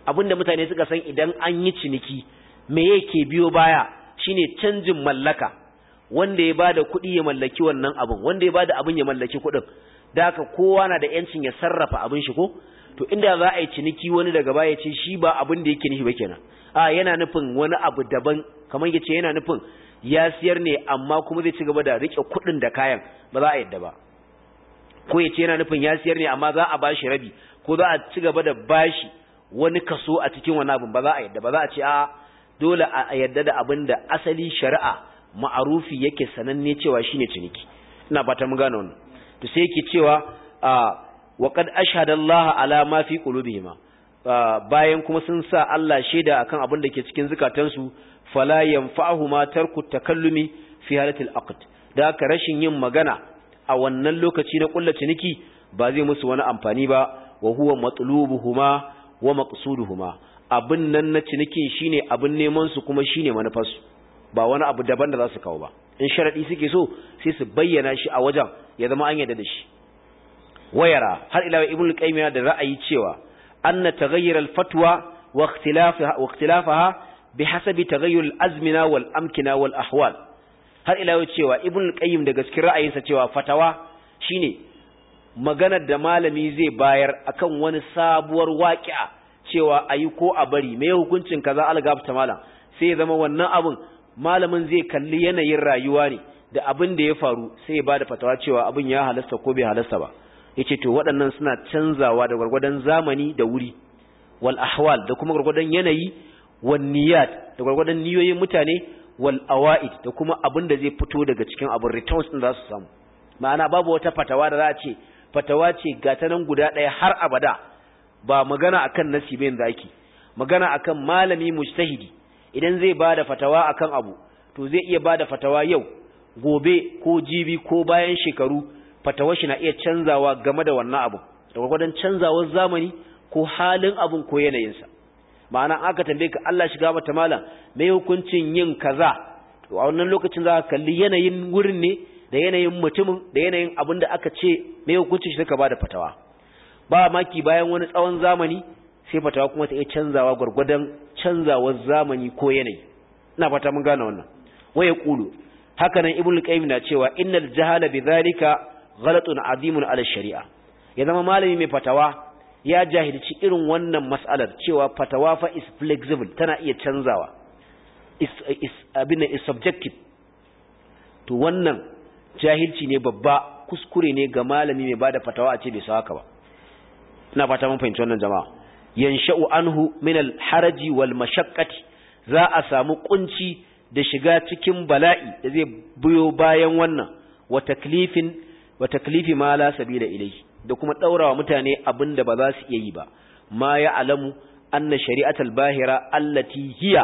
abin da mutane suka san idan an yi ciniki me yake biyo baya shine canjin mallaka wanda ya bada kuɗi ya mallaki wannan abin wanda ya bada abin ya mallaki kuɗin da haka kowa na da yancin ya sarrafa abin shi ko to inda za a yi ciniki wani daga baya ce shi ba abin da yake nufi ba kenan a yana nufin wani abu daban kamar yace yana nufin ya siyar ne amma kuma zai ci gaba da rike kuɗin da kayan ba za a yadda ba ko ya ce yana nufin ya siyar ne amma za a ba shi rabi ko za a ci gaba da bashi wani kaso a cikin wani abin ba za a yadda ba za a ce a dole a yadda da abin da asali shari'a ma'arufi yake sananne cewa shine ciniki ina fata mun gane wannan to sai yake cewa wa qad ashhadu allaha ala ma fi qulubihima bayan kuma sun sa Allah shaida akan abin da ke cikin zukatansu fala yanfa'uhuma tarku takallumi fi halatil aqd da ka rashin yin magana a wannan lokaci na kulla ciniki ba zai musu wani amfani ba wa huwa matlubuhuma wa maqsuduhuma abin nan na cinikin shine abin neman su kuma shine manufarsu ba wani abu daban da za su kawo ba in sharadi suke so sai su bayyana shi a wajen ya zama an yadda da shi wayara har ila ibn qayyim da ra'ayi cewa anna taghayyur al-fatwa wa ikhtilafaha wa ikhtilafaha bihasabi taghayyur al-azmina wal amkina wal ahwal har ila yau cewa ibn qayyim daga cikin ra'ayinsa cewa fatawa shine maganar da malami zai bayar akan wani sabuwar waƙi'a cewa ayi ko a bari me hukuncin kaza algabta malam sai ya zama wannan abun malamin zai kalli yanayin rayuwa ne da abin da ya faru sai ya bada fatawa cewa abin ya halasta ko bai halasta ba yace to waɗannan suna canzawa da gwargwadon zamani da wuri wal ahwal da kuma gwargwadon yanayi wan niyat da gwargwadon niyoyin mutane wal awaid da kuma abin da zai fito daga cikin abun returns din za su samu ma'ana babu wata fatawa da za a ce fatawa ce ga ta nan guda ɗaya har abada ba magana akan nasibin zaki magana akan malami mujtahidi idan zai bada fatawa akan abu to zai iya bada fatawa yau gobe ko jibi ko bayan shekaru fatawar shi na iya canzawa game da wannan abu da gwagwadon canzawar zamani ko halin abun ko yanayinsa ma'ana aka tambaye ka Allah shiga mata malam me hukuncin yin kaza to a wannan lokacin za ka kalli yanayin wurin ne da yanayin mutumin da yanayin abin da aka ce me hukuncin shi ka bada fatawa ba maki bayan wani tsawon zamani sai fatawa kuma ta iya canzawa gwargwadon canzawar zamani ko yanayi ina fata mun gane wannan waya kulu haka nan ibnu qayyim na cewa innal jahala bi bidhalika ghalatun azimun ala shari'a ya zama malami mai fatawa ya jahilci irin wannan matsalar cewa fatawa fa is flexible tana iya canzawa is is abin is subjective to wannan jahilci ne babba kuskure ne ga malami mai bada fatawa a ce bai sawa ka ba ina fata mun fahimci wannan jama'a yansha'u anhu min al-haraji wal mashaqqati za a samu kunci da shiga cikin bala'i da zai biyo bayan wannan wa taklifin wa taklifi ma la sabila ilayhi da kuma ɗaurawa mutane abin da ba za su iya yi ba ma ya alamu anna shari'atar bahira allati hiya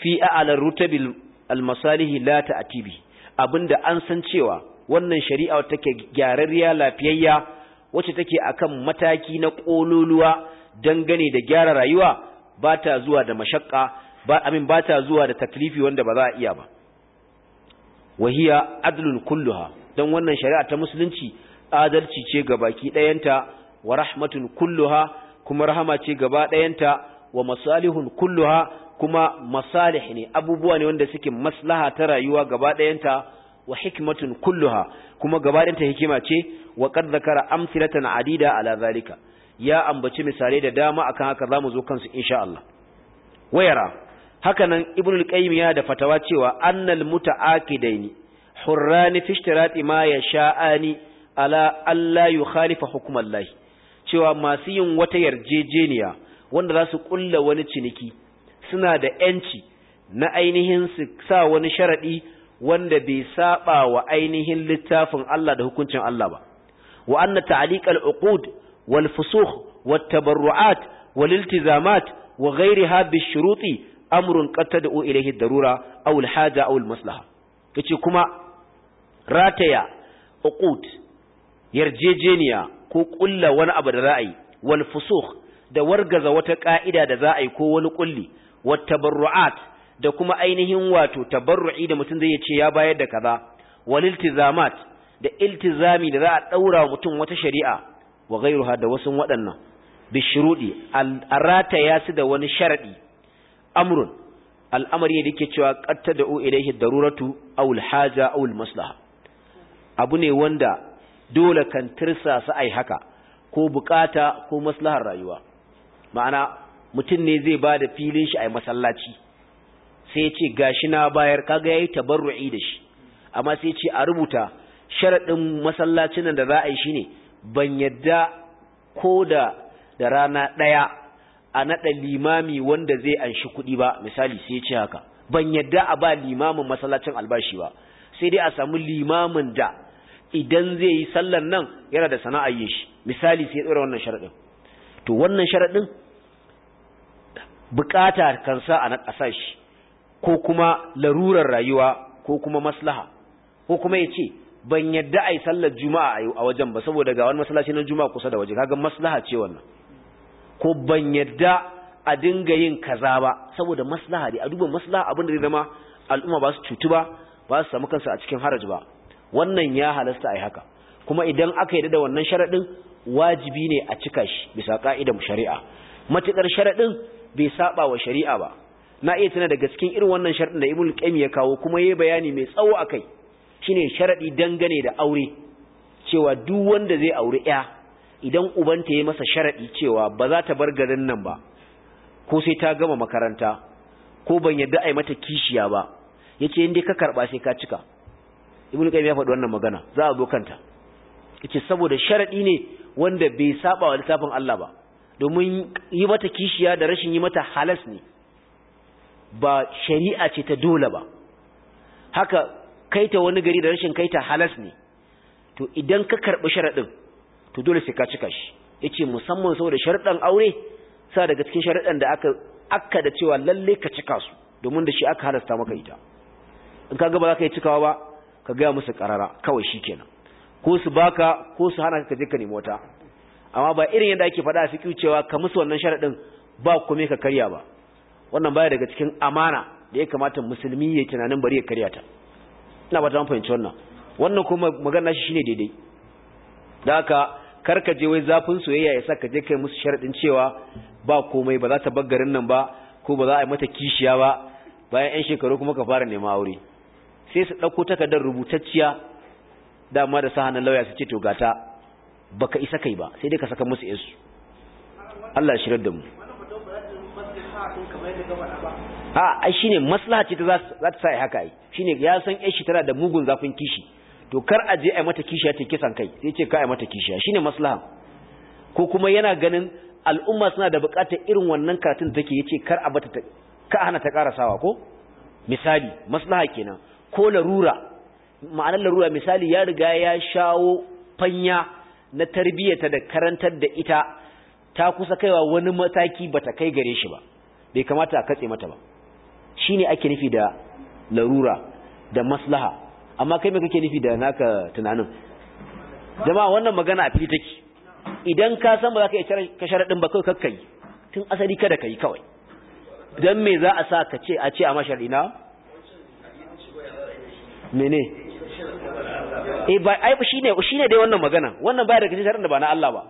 fi a'la rutabil a la ta'tibi abinda an san cewa wannan shari'a take gyararriya lafiyayya wacce take akan mataki na kololuwa dangane da gyara rayuwa ba ta zuwa da mashakka ba amin ba ta zuwa da taklifi wanda ba za a iya ba wahiya adlun kulluha don wannan shari'a ta musulunci adalci ce ga baki ɗayanta wa rahmatun kulluha kuma rahama ce gaba ɗayanta wa masalihun kulluha kuma masalih ne abubuwa ne wanda suke maslaha ta rayuwa gaba ɗayanta wa hikmatun kulluha kuma gaba ɗayanta hikima ce wa kad zakara amsilatan adida ala zalika ya ambaci misalai da dama akan haka zamu zo kansu insha Allah wayara hakanan ibnu al-qayyim ya da fatawa cewa annal muta'aqidaini hurrani fi ishtirati ma yasha'ani ala Allah yukhalifa hukumallahi cewa masu yin wata yarjejeniya wanda za su kulla wani ciniki suna da yanci na ainihin su sa wani sharaɗi wanda bai saba wa ainihin littafin Allah da hukuncin Allah ba wa anna ta'liqal uqud wal fusuh wat tabarru'at wal iltizamat wa ghayriha bi shuruti amrun qad tad'u ilayhi darura aw al haja aw al maslaha kace kuma rataya uqud yarjejeniya ko kulla wani abu da za a yi wal fusukh da wargaza wata ka'ida da za a yi ko wani kulli wat tabarru'at da kuma ainihin wato tabarru'i da mutum zai ce ya bayar da kaza wal iltizamat da iltizami da za a daura mutum wata shari'a wa ghairuha da wasu waɗannan bishurudi arata ya su da wani sharadi amrun al'amari da yake cewa qatta da'u ilayhi daruratu aw al haja aw al maslaha abu ne wanda dole kan tirsa su ai haka ko bukata ko maslahar rayuwa ma'ana mutum ne zai ba da filin shi ai masallaci sai ya ce gashi na bayar kaga yayi tabarru'i da shi amma sai ya ce a rubuta sharadin masallacin nan da za a yi shine ban yadda ko da da rana daya a nada limami wanda zai anshi kuɗi ba misali sai ya ce haka ban yadda a ba limamin masallacin albashi ba sai dai a samu limamin da idan zai yi sallar nan yana da sana'ar yin shi misali sai ya tsora wannan sharadin to wannan sharaɗin, bukata kan sa na ƙasa shi ko kuma larurar rayuwa ko kuma maslaha ko kuma ya ce ban yadda a yi sallar juma'a a wajen ba saboda ga wani masallaci na juma'a kusa da waje kaga maslaha ce wannan ko ban yadda a dinga yin kaza ba saboda maslaha ne a duba maslaha abin da zai zama al'umma ba su cutu ba ba su samu kansa a cikin haraj ba wannan ya halasta a haka kuma idan aka yi da wannan sharaɗin wajibi ne a cika shi bisa ƙa’idan shari'a matuƙar sharaɗin bai saɓa wa shari'a ba na iya tana daga cikin irin wannan sharaɗin da ibn qayyim ya kawo kuma ya bayani mai tsawo a shi shine sharaɗi dangane da aure cewa duk wanda zai aure ya idan ubanta ya masa sharaɗi cewa ba za ta bar garin nan ba ko sai ta gama makaranta ko ban yadda a yi mata kishiya ba yace in dai ka karɓa sai ka cika ibn qayyim ya faɗi wannan magana za a zo kanta yace saboda sharadi ne wanda bai saba wa littafin Allah ba domin yi mata kishiya da rashin yi mata halas ne ba shari'a ce ta dole ba haka kaita wani gari da rashin kaita halas ne to idan ka karbi sharadin to dole sai ka cika shi yace musamman saboda sharadin aure sa daga cikin sharadin da aka akka da cewa lalle ka cika su domin da shi aka halasta maka ita in kaga ba za ka yi cikawa ba ka gaya musu karara kawai shi kenan, ko su baka ko su hana ka je ka nemi wata amma ba irin yadda ake faɗa a fiƙi cewa ka musu wannan sharaɗin ba kome ka karya ba wannan baya daga cikin amana da ya kamata musulmi ya tunanin bari ya karya ta ina ba ta fahimci wannan wannan kuma magana shi shine daidai da haka ka je wai zafin soyayya ya sa ka je kai musu sharaɗin cewa ba komai ba za ta bar garin nan ba ko ba za a yi mata kishiya ba bayan 'yan shekaru kuma ka fara nema aure sai su ɗauko takardar rubutacciya dama da sa hannun lauya su ce togata ba ka isa kai ba sai dai ka saka musu yesu Allah ya shirar da mu a ai shine maslaha ce ta za ta sa haka ai ne ya san yar shi tana da mugun zafin kishi to kar a je yi mata kishiya ta kisan kai sai ce ka ai mata kishiya ne maslaha ko kuma yana ganin al'umma suna da buƙatar irin wannan karatun da take yace kar a bata ka hana ta karasawa ko misali maslaha kenan ko larura ma'anar larura misali ya riga ya shawo fanya na tarbiyyata da karantar da ita ta kusa kaiwa wani mataki bata kai gare shi ba bai kamata a katse mata ba shine ake nufi da larura da maslaha amma kai me kake nufi da naka tunanin jama'a wannan magana a fili take idan ka san ba za ka yi kashar din ba kai kakkai tun asali kada kai kawai dan me za a sa ka ce a ce a masharina mene eh ba ai shine shine dai wannan magana wannan baya da cikin sharadin da ba na Allah ba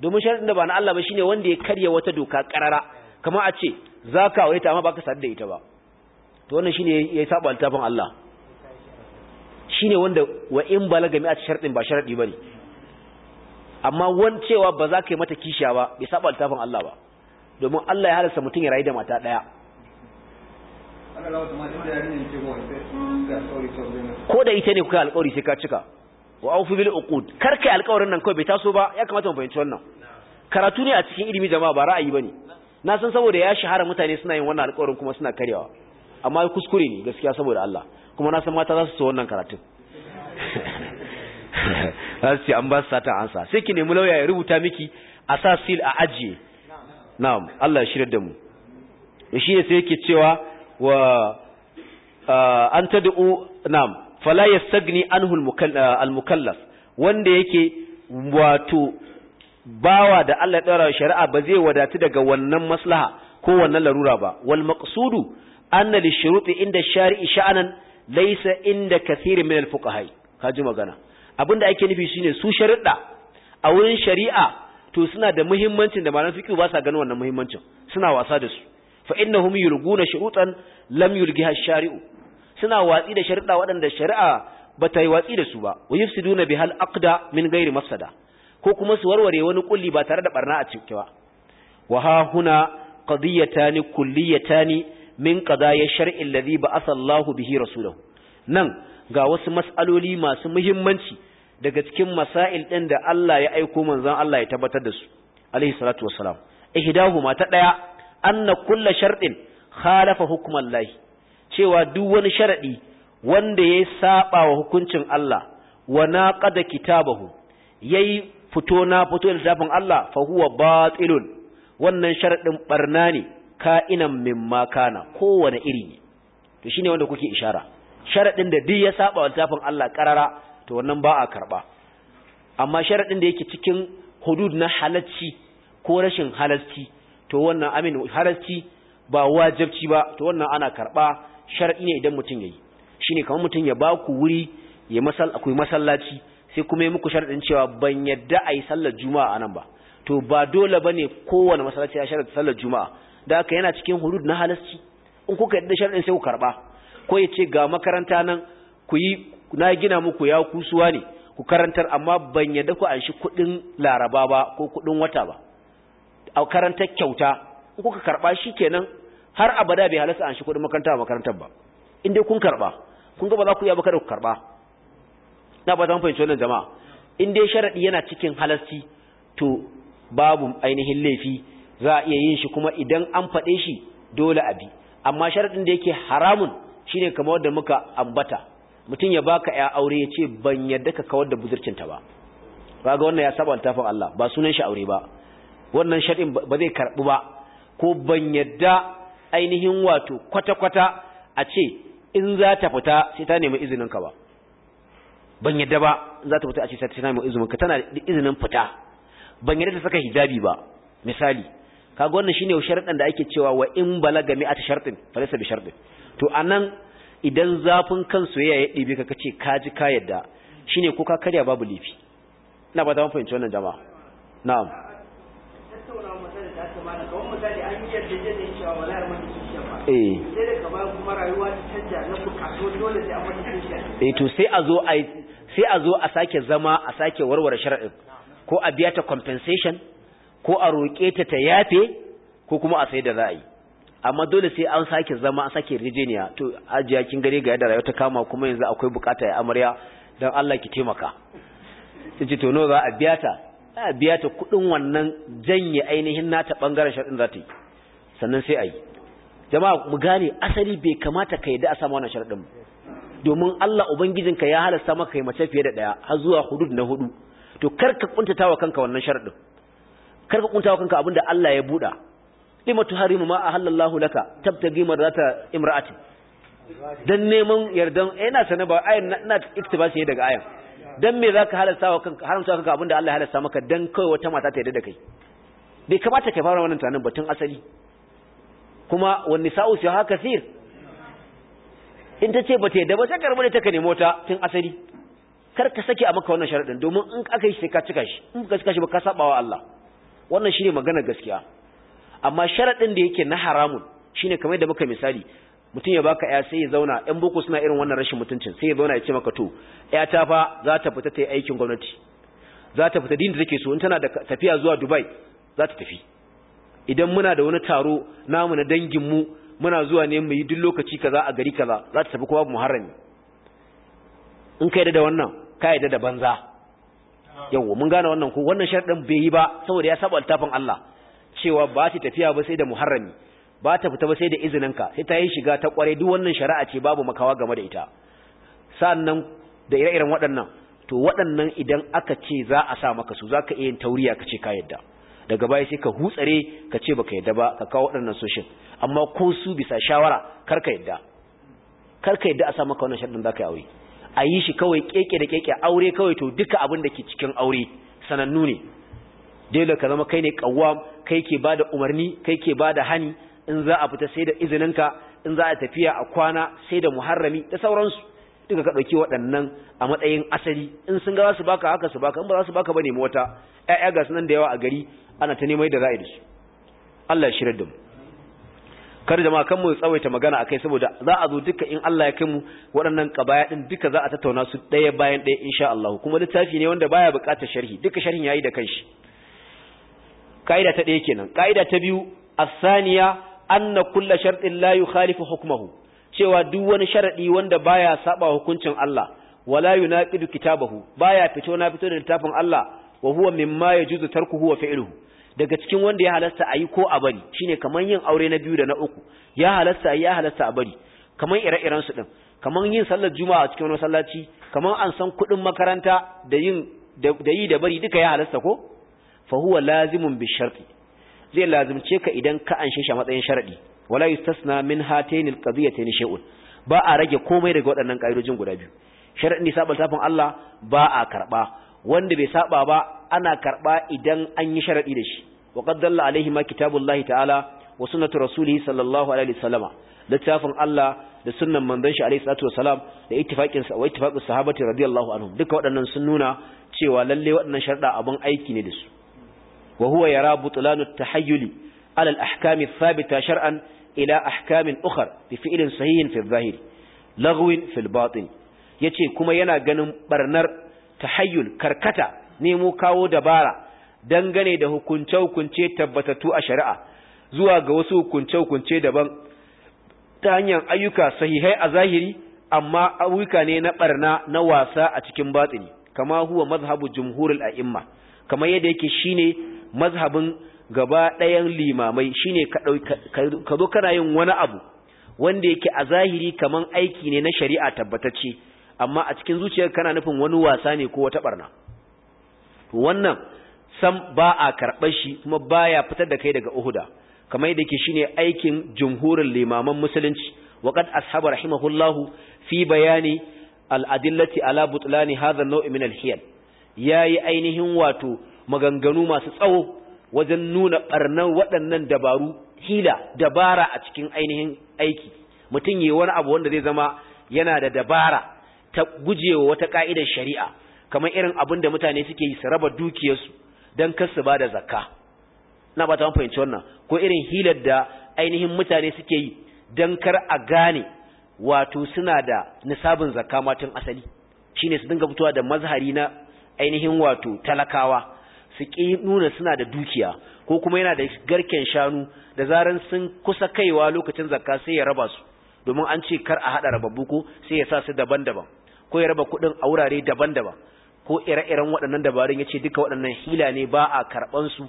domin sharadin da ba na Allah ba shine wanda ya karya wata doka karara kamar a ce zaka aure ta amma baka sadu da ita ba to wannan shine ya saba altafin Allah shine wanda wa in balaga mi a sharadin ba sharadi bane amma won cewa ba za ka yi mata kishiya ba bai saba altafin Allah ba domin Allah ya halasta mutum ya rayu da mata daya ko da ita ne kuka alƙawari sai ka cika wa aufi bil uqud kar kai alƙawarin nan kawai bai taso ba ya kamata mu fahimci wannan karatu ne a cikin ilimi jama'a ba ra'ayi bane na san saboda ya shahara mutane suna yin wannan alƙawarin kuma suna karyawa amma kuskure ne gaskiya saboda Allah kuma na san mata za su so wannan karatu za su ce an ba su satan ansa sai ki nemi lauya ya rubuta miki a sa sil a ajiye na'am Allah ya shirya da mu shi ne sai yake cewa wa an tad'u na'am fala yastagni anhu wanda yake wato bawa da Allah ya dora shari'a ba zai wadatu daga wannan maslaha ko wannan larura ba wal maqsudu anna li shuruti inda shari'i sha'anan laysa inda kathirin min al-fuqaha kaji magana abinda ake nufi shine su sharuɗa a wurin shari'a to suna da muhimmancin da malaman fiqh ba sa ganin wannan muhimmancin suna wasa da su fa innahum yulguna shurutan lam yulgiha shari'u suna watsi da shari'a waɗanda shari'a bata yi watsi da su ba wa yufsiduna bihal aqda min ghairi mafsada ko kuma su warware wani kulli ba tare da barna a cikin ba wa ha huna qadiyatan kulliyatan min qadaya shar'i alladhi ba'atha Allahu bihi rasulahu nan ga wasu mas'aloli masu muhimmanci daga cikin masail ɗin da Allah ya aiko manzon Allah ya tabbatar da su alaihi salatu wassalam ma ta daya anna kulla sharɗin khalafa hukuman lahi cewa duk wani sharaɗi wanda ya saba wa hukuncin Allah wa naqada kitabahu yayi fito na fito littafin Allah fa huwa batilun wannan sharaɗin ɓarna ne ka'inan mimma kana kowane iri ne to shine wanda kuke ishara Sharaɗin da duk ya saba wa littafin Allah ƙarara, to wannan ba a karba amma sharaɗin da yake cikin hudud na halacci ko rashin halacci to wannan amin halarci ba wajabci ba to wannan ana karba shar'i ne idan mutum yayi shine kamar mutum ya ba ku wuri ya masal akwai masallaci sai kuma yi muku sharadin cewa ban yadda ayi sallar juma'a anan ba to ba dole bane kowanne masallaci ya sharadi sallar juma'a da haka yana cikin hudud na halasci, in kuka yadda sharadin sai ku karba ko ya ce ga makaranta nan ku yi na gina muku ya kusuwa ne ku karantar amma ban yadda ku an shi kuɗin laraba ba ko kuɗin wata ba a makarantar kyauta in kuka karba kenan har abada bai halasta an shi kudin makaranta a makarantar ba in dai kun karba kun ga ba za ku iya ba kada ku karba na ba zan fahimci wannan jama'a in dai sharaɗi yana cikin halasti to babu ainihin laifi za a iya yin shi kuma idan an faɗe shi dole a bi amma sharaɗin da yake haramun shine kamar wanda muka ambata mutum ya baka ya aure ya ce ban yadda ka kawar da buzurcinta ba kaga wannan ya saba littafin Allah ba sunan shi aure ba wannan shaɗin ba zai karɓu ba ko ban yadda ainihin wato kwata-kwata a ce in za ta fita sai ta nemi izinin ka ba ban yadda ba za ta fita a ce sai ta nemi izinin ka tana da izinin fita ban yadda ta saka hijabi ba misali kaga wannan shine sharɗin da ake cewa wa in balaga sharɗin fa laysa bi sharɗin to anan idan zafin kan soyayya ya dibe ka kace ka ji ka yadda shine ko ka karya babu lifi ina ba ta fahimci wannan jama'a na'am tattauna sai dole sai an eh, a zo a sake zama a sake warware shari'in ko a biya ta compensation ko a roƙe ta ta yafe ko kuma a sai da za a amma dole sai an sake zama an sake rijeniya to ajiya kin gare ga yadda rayuwa ta kama kuma yanzu akwai bukata ya amarya don Allah ki taimaka ta to nawa za a biya ta a biya ta kudin wannan janye ainihin nata bangaren sharɗin za ta yi sannan sai a yi jama'a mu gane asali bai kamata ka yi da a samu wannan sharɗin domin Allah ubangijinka ya halasta maka kai mace fiye da daya har zuwa hudud na hudu to karka ka kuntata wa kanka wannan sharɗin kar ka kuntata wa kanka abinda Allah ya buɗa lima tuharimu ma ahallallahu laka tabtagi marata imra'ati dan neman yardan eh, ina sanaba ba na iktibasi daga ayan dan me zaka halasta wa kanka haramta kanka abinda Allah ya halasta maka dan kai wata mata ta yarda da kai bai kamata ka fara wannan tunanin batun asali kuma wan nisa'u haka kaseer in tace ba ta yarda ba sai karbi ta ka nemo ta tun asali kar ka saki a maka wannan sharadin domin in aka yi sai ka cika shi in ka cika shi ba ka saba wa Allah wannan shine magana gaskiya amma sharadin da yake na haramun shine kamar da muka misali mutum ya baka ya sai ya zauna ɗan boko suna irin wannan rashin mutuncin sai ya zauna ya ce maka to ya ta fa za ta fita ta yi aikin gwamnati za ta fita din da take so in tana da tafiya zuwa Dubai za ta tafi idan muna da wani taro namu na dangin mu muna zuwa ne mu yi duk lokaci kaza a gari kaza za ta tafi kuma babu muharrami in ka yadda da wannan ka yadda da banza yawa mun gane wannan ko wannan sharɗin bai yi ba saboda ya saba altafin Allah cewa ba ta tafiya ba sai da muharrami ba ta fita ba sai da izininka sai ta yi shiga ta kware duk wannan shari'a ce babu makawa game da ita sannan da ire-iren waɗannan to waɗannan idan aka ce za a sa maka su za ka iya yin tauriya ka ce ka yadda daga baya sai ka hutsare ka ce baka yadda ba ka kawo waɗannan soshin amma ko su bisa shawara kar ka yadda kar ka yadda a sa maka wannan sharɗin za ka yi aure a yi shi kawai keke da keke aure kawai to duka abin da ke cikin aure sanannu ne dole ka zama kai ne kawwam kai ke bada umarni kai ke bada hani in za a fita sai da izininka in za a tafiya a kwana sai da muharrami da sauransu duka ka ɗauki waɗannan a matsayin asali in sun ga za su baka haka su baka in ba za su baka ba nemi wata yaya ga sunan da yawa a gari ana ta nemai da za a yi da su Allah ya shirar da mu kar jama'a kan mu tsawaita magana akai saboda za a zo duka in Allah ya kai mu waɗannan kabaya ɗin duka za a tattauna su ɗaya bayan ɗaya insha Allah kuma littafi ne wanda baya buƙatar sharhi duka sharhin yayi da kanshi kaida ta ɗaya kenan kaida ta biyu asaniya anna kulla shartin la yukhalifu hukmahu cewa duk wani sharadi wanda baya saba hukuncin Allah wala yunaqidu kitabahu baya fito na fito da littafin Allah wa huwa mimma yajuzu tarkuhu wa fi'luhu daga cikin wanda ya halasta ayi ko a bari shine kaman yin aure na biyu da na uku ya halasta ayi ya halasta a bari kaman ire-iren su din kaman yin sallar juma'a cikin wani sallaci kaman an san kudin makaranta da yin da yi da bari duka ya halasta ko fa huwa lazimun bi sharti zai lazimce ka idan ka anshe shi a matsayin sharadi wala yustasna min hatayn alqadiyatayn shay'un ba a rage komai daga waɗannan ƙa'idojin guda biyu sharadin da saba littafin Allah ba a karba wanda bai saba ba ana karba idan an yi sharadi da shi wa qad dalla alaihi ma kitabullahi ta'ala wa sunnatu rasulihi sallallahu alaihi wasallama littafin Allah da sunnan manzon shi alaihi salatu wasalam da ittifaqin sa wa ittifaqus sahabati radiyallahu anhum duka waɗannan sun nuna cewa lalle waɗannan sharda abun aiki ne da su wa huwa yara butlanu tahayyuli ala al-ahkam ath-thabita shar'an ila ahkamin ukar bi fi'lin sahihin fi adh-dhahir Ya ce kuma yana ganin barnar tahayyul karkata nemo kawo dabara dangane da hukunce-hukunce tabbatatu a shari'a zuwa ga wasu hukunce-hukunce daban ta hanyar ayyuka sahihai a zahiri amma ayyuka ne na barna na wasa a cikin batsini kama huwa mazhabu jumhurul a'imma kamar yadda yake shine mazhabin gaba ɗayan limamai shine ka zo kana yin wani abu wanda yake a zahiri kaman aiki ne na shari'a tabbatacce amma a cikin zuciyar kana nufin wani wasa ne ko wata barna wannan sam ba a karɓar shi kuma baya fitar da kai daga uhuda kamar yadda yake shine aikin jumhurin limaman musulunci waqad ashaba rahimahullahu fi bayani al-adillati ala butlani hadha an-naw' min al-hiyal ya yi ainihin wato maganganu masu tsawo wajen nuna ɓarnar waɗannan dabaru hila dabara a cikin ainihin aiki mutum yi wani abu wanda zai zama yana da dabara ta gujewa wata ka'idar shari'a kamar irin abin da mutane suke yi su raba dukiyarsu don kar su ba da zakka na ba ta fahimci wannan ko irin hilar da ainihin mutane suke yi don kar a gane wato suna da nisabin zakka matan asali, asali shine su dinga fitowa da mazhari na ainihin wato talakawa su ƙi nuna suna da dukiya ko kuma yana da garken shanu da zaran sun kusa kaiwa lokacin zakka sai ya raba su domin an ce kar a haɗa rababbu ko sai ya sa su daban-daban ko ya raba kuɗin a wurare daban-daban ko ire-iren waɗannan dabarun ya ce duka waɗannan hila ne ba a karɓan su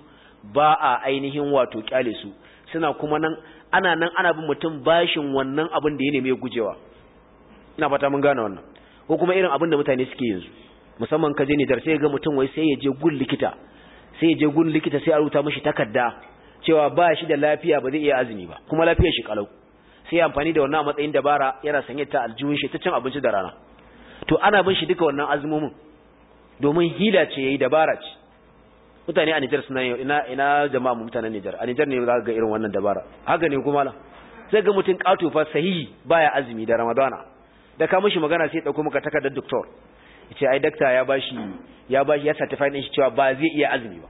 ba a ainihin wato kyale su suna kuma nan ana nan ana bin mutum bashin wannan abin da ya nemi gujewa ina fata mun gane wannan ko kuma irin abin da mutane suke yanzu musamman ka je Nijar sai ga mutum wai sai ya je gun likita sai ya je gun likita sai a rubuta mishi takarda cewa ba shi da lafiya ba zai iya azumi ba kuma lafiyar shi kalau sai amfani da wannan matsayin dabara yana sanya ta aljihun shi ta cin abinci da rana to ana bin shi duka wannan azumomin domin hila ce yayi dabara ce mutane a Nijar suna ina ina jama'a mu mutanen Nijar a Nijar ne za ka ga irin wannan dabara haka ne kuma la sai ga mutum katufa sahihi baya azumi da Ramadana da ka mishi magana sai ya dauko maka takardar doctor yace ai dakta ya bashi ya bashi ya certify din shi cewa ba zai iya azumi ba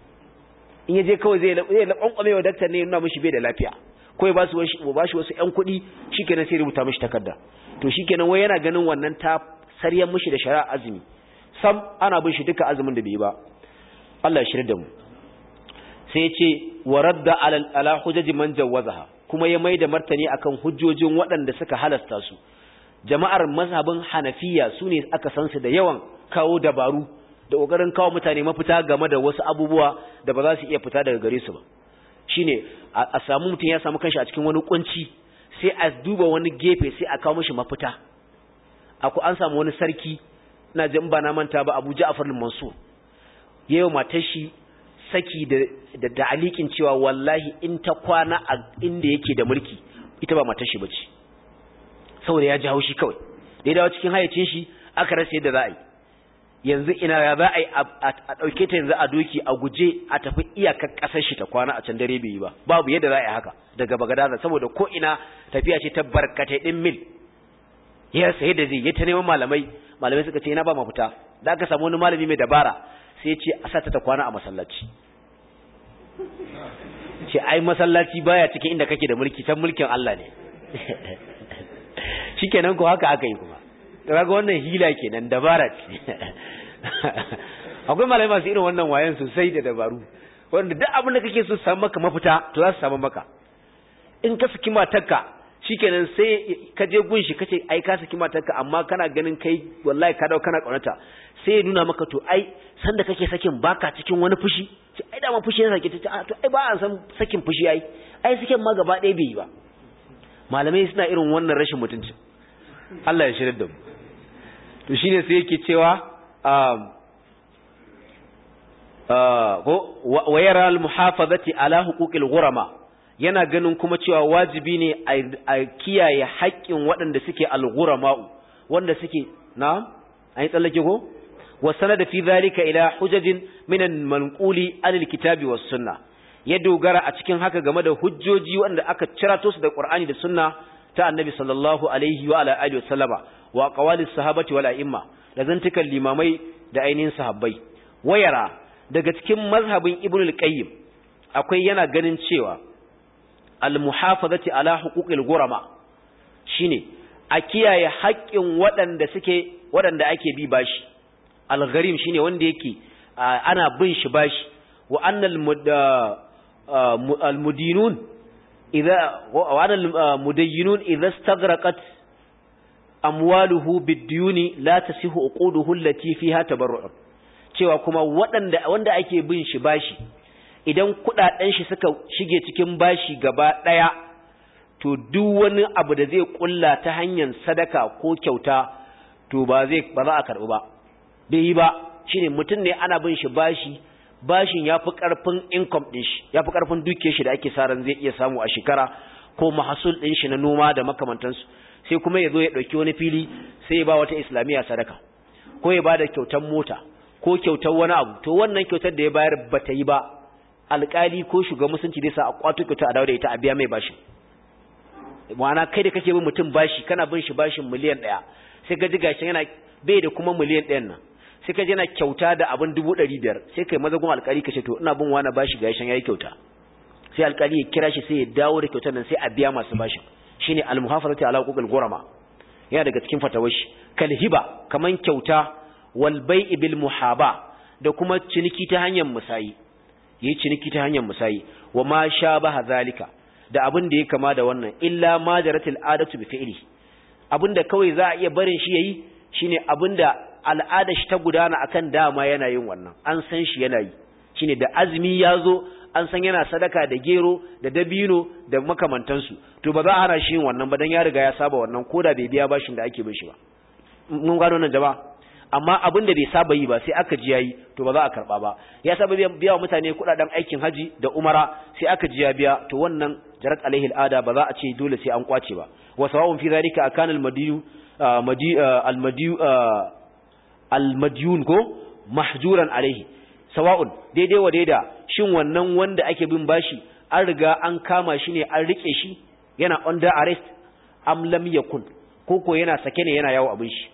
in yaje kawai zai zai lankwame wa dakta ne nuna mishi bai da lafiya ko ya basu wasu shi wasu ƴan kuɗi shikenan sai rubuta mishi takarda to shikenan wai yana ganin wannan ta saryan mishi da shari'a azumi sam ana bin shi duka azumin da bai ba Allah ya shirya da mu sai ya ce wa radda ala hujjaji man jawwazaha kuma ya maida martani akan hujjojin waɗanda suka halasta su jama'ar mazhabin hanafiya su ne aka san su da yawan kawo dabaru da ƙoƙarin kawo mutane mafita game da wasu abubuwa da ba za su iya fita daga gare su ba shine a samu mutum ya samu kanshi a cikin wani kunci sai a duba wani gefe sai a kawo mishi mafita Akwai an samu wani sarki ina jin ba na manta ba Abu Ja'far al-Mansur yayin matar shi saki da da alikin cewa wallahi in ta kwana a inda yake da mulki ita ba matar shi bace saboda ya ji haushi kawai da ya dawo cikin hayacin shi aka rasa yadda za a yi yanzu ina ya za a yi ɗauke ta yanzu a doki a guje a tafi iyakar ƙasar shi ta kwana a can dare bai yi ba babu yadda za a haka daga bagadaza saboda ko ina tafiya ce ta barkatai ɗin mil ya rasa da zai ya ta neman malamai malamai suka ce ina ba mafita da aka samu wani malami mai dabara sai ce a sata ta kwana a masallaci ce ai masallaci baya cikin inda kake da mulki can mulkin Allah ne kenan ko haka aka yi kuma to ga wannan hila kenan dabara ce akwai malamai masu irin wannan wayan sosai da dabaru wanda duk abin da kake so samu maka mafita to za su samu maka in ka saki matarka kenan sai ka je gun kace ai ka saki matarka amma kana ganin kai wallahi ka dau kana kaunata sai ya nuna maka to ai san da kake sakin baka cikin wani fushi ce ai da fushi ne sake ta to ai ba an san sakin fushi ai ai sakin ma gaba ɗaya bai yi ba malamai suna irin wannan rashin mutuncin. Allah ya shirya da mu to ne sai yake cewa um, uh, wa yara al-muhafazati ala huquqil ghurama yana ganin kuma cewa wajibi ne a kiyaye haƙƙin waɗanda suke al-ghurama'u wanda suke na, an tsallake ko wa sanada fi zalika ila hujajin min al-manquli al-kitabi was sunnah ya dogara a cikin haka game da hujjoji wanda aka cira tosu da Qur'ani da Sunna ta annabi sallallahu alaihi wa ala alihi wasallama wa qawalis sahabati wal a'imma da zantukan limamai da ainihin sahabbai wayara daga cikin mazhabin ibn al-qayyim akwai yana ganin cewa al-muhafazati ala huquqil gurama shine a kiyaye haƙƙin waɗanda suke waɗanda ake bi bashi al-gharim shine wanda yake ana bin shi bashi wa annal mudinun idza wa mudayyinun idza stagraqat amwaluhu bid-duyuni la tasihu uquduhu allati fiha cewa kuma waɗanda wanda ake bin shi bashi idan kuɗaɗen shi suka shige cikin bashi gaba ɗaya, to duk wani abu da zai ƙulla ta hanyar sadaka ko kyauta to ba za a karbi ba bai yi ba shine mutum ne ana bin shi bashi bashin ya fi ƙarfin income ɗin shi ya fi ƙarfin dukiyar shi da ake sa ran zai iya samu a shekara ko mahasul ɗin shi na noma da makamantansu sai kuma ya zo ya ɗauki wani fili sai ya ba wata islamiyya sadaka ko ya ba da kyautar mota ko kyautar wani abu to wannan kyautar da ya bayar ba ta yi ba alƙali ko shugaban musulunci zai sa a kwato kyautar a dawo da ita a biya mai bashin ma'ana kai da kake bin mutum bashi kana bin shi bashin miliyan ɗaya sai ga jigashin yana bai da kuma miliyan ɗayan nan sai ka jina kyauta da abin dubu ɗari biyar sai kai mazagun alkali ka ce to ina bin wani bashi ga shan yayi kyauta sai alkali ya kira shi sai ya dawo da kyautar nan sai a biya masu bashin shine ta ala huquqil ghurama yana daga cikin fatawashi kal hiba kaman kyauta wal bai'i bil muhaba da kuma ciniki ta hanyar musayi yi ciniki ta hanyar musayi wa ma shabaha zalika da abin da ya kama da wannan illa ma jaratil adatu bi fi'li abinda kawai za a iya barin shi ya yi, shine abinda al'ada shi ta gudana akan dama yana yin wannan an san shi yana yi shine da azumi ya zo an san yana sadaka da gero da dabino da makamantansu to ba za a hana shi yin wannan ba dan ya riga ya saba wannan koda bai biya bashin da ake shi ba mun gano nan jama'a amma abin da bai saba yi ba sai aka ji yayi to ba za a karba ba ya saba biya wa mutane kudaden aikin haji da umara sai aka ji ya biya to wannan jarat alaihi al'ada ba za a ce dole sai an kwace ba wa sawa'un fi zalika akan al almadiyun ko mahjuran alaihi sawa'un daidai wa daida shin wannan wanda ake bin bashi an riga an kama shi ne an rike shi yana under arrest am lam yakun ko ko yana sake ne yana yawo abin shi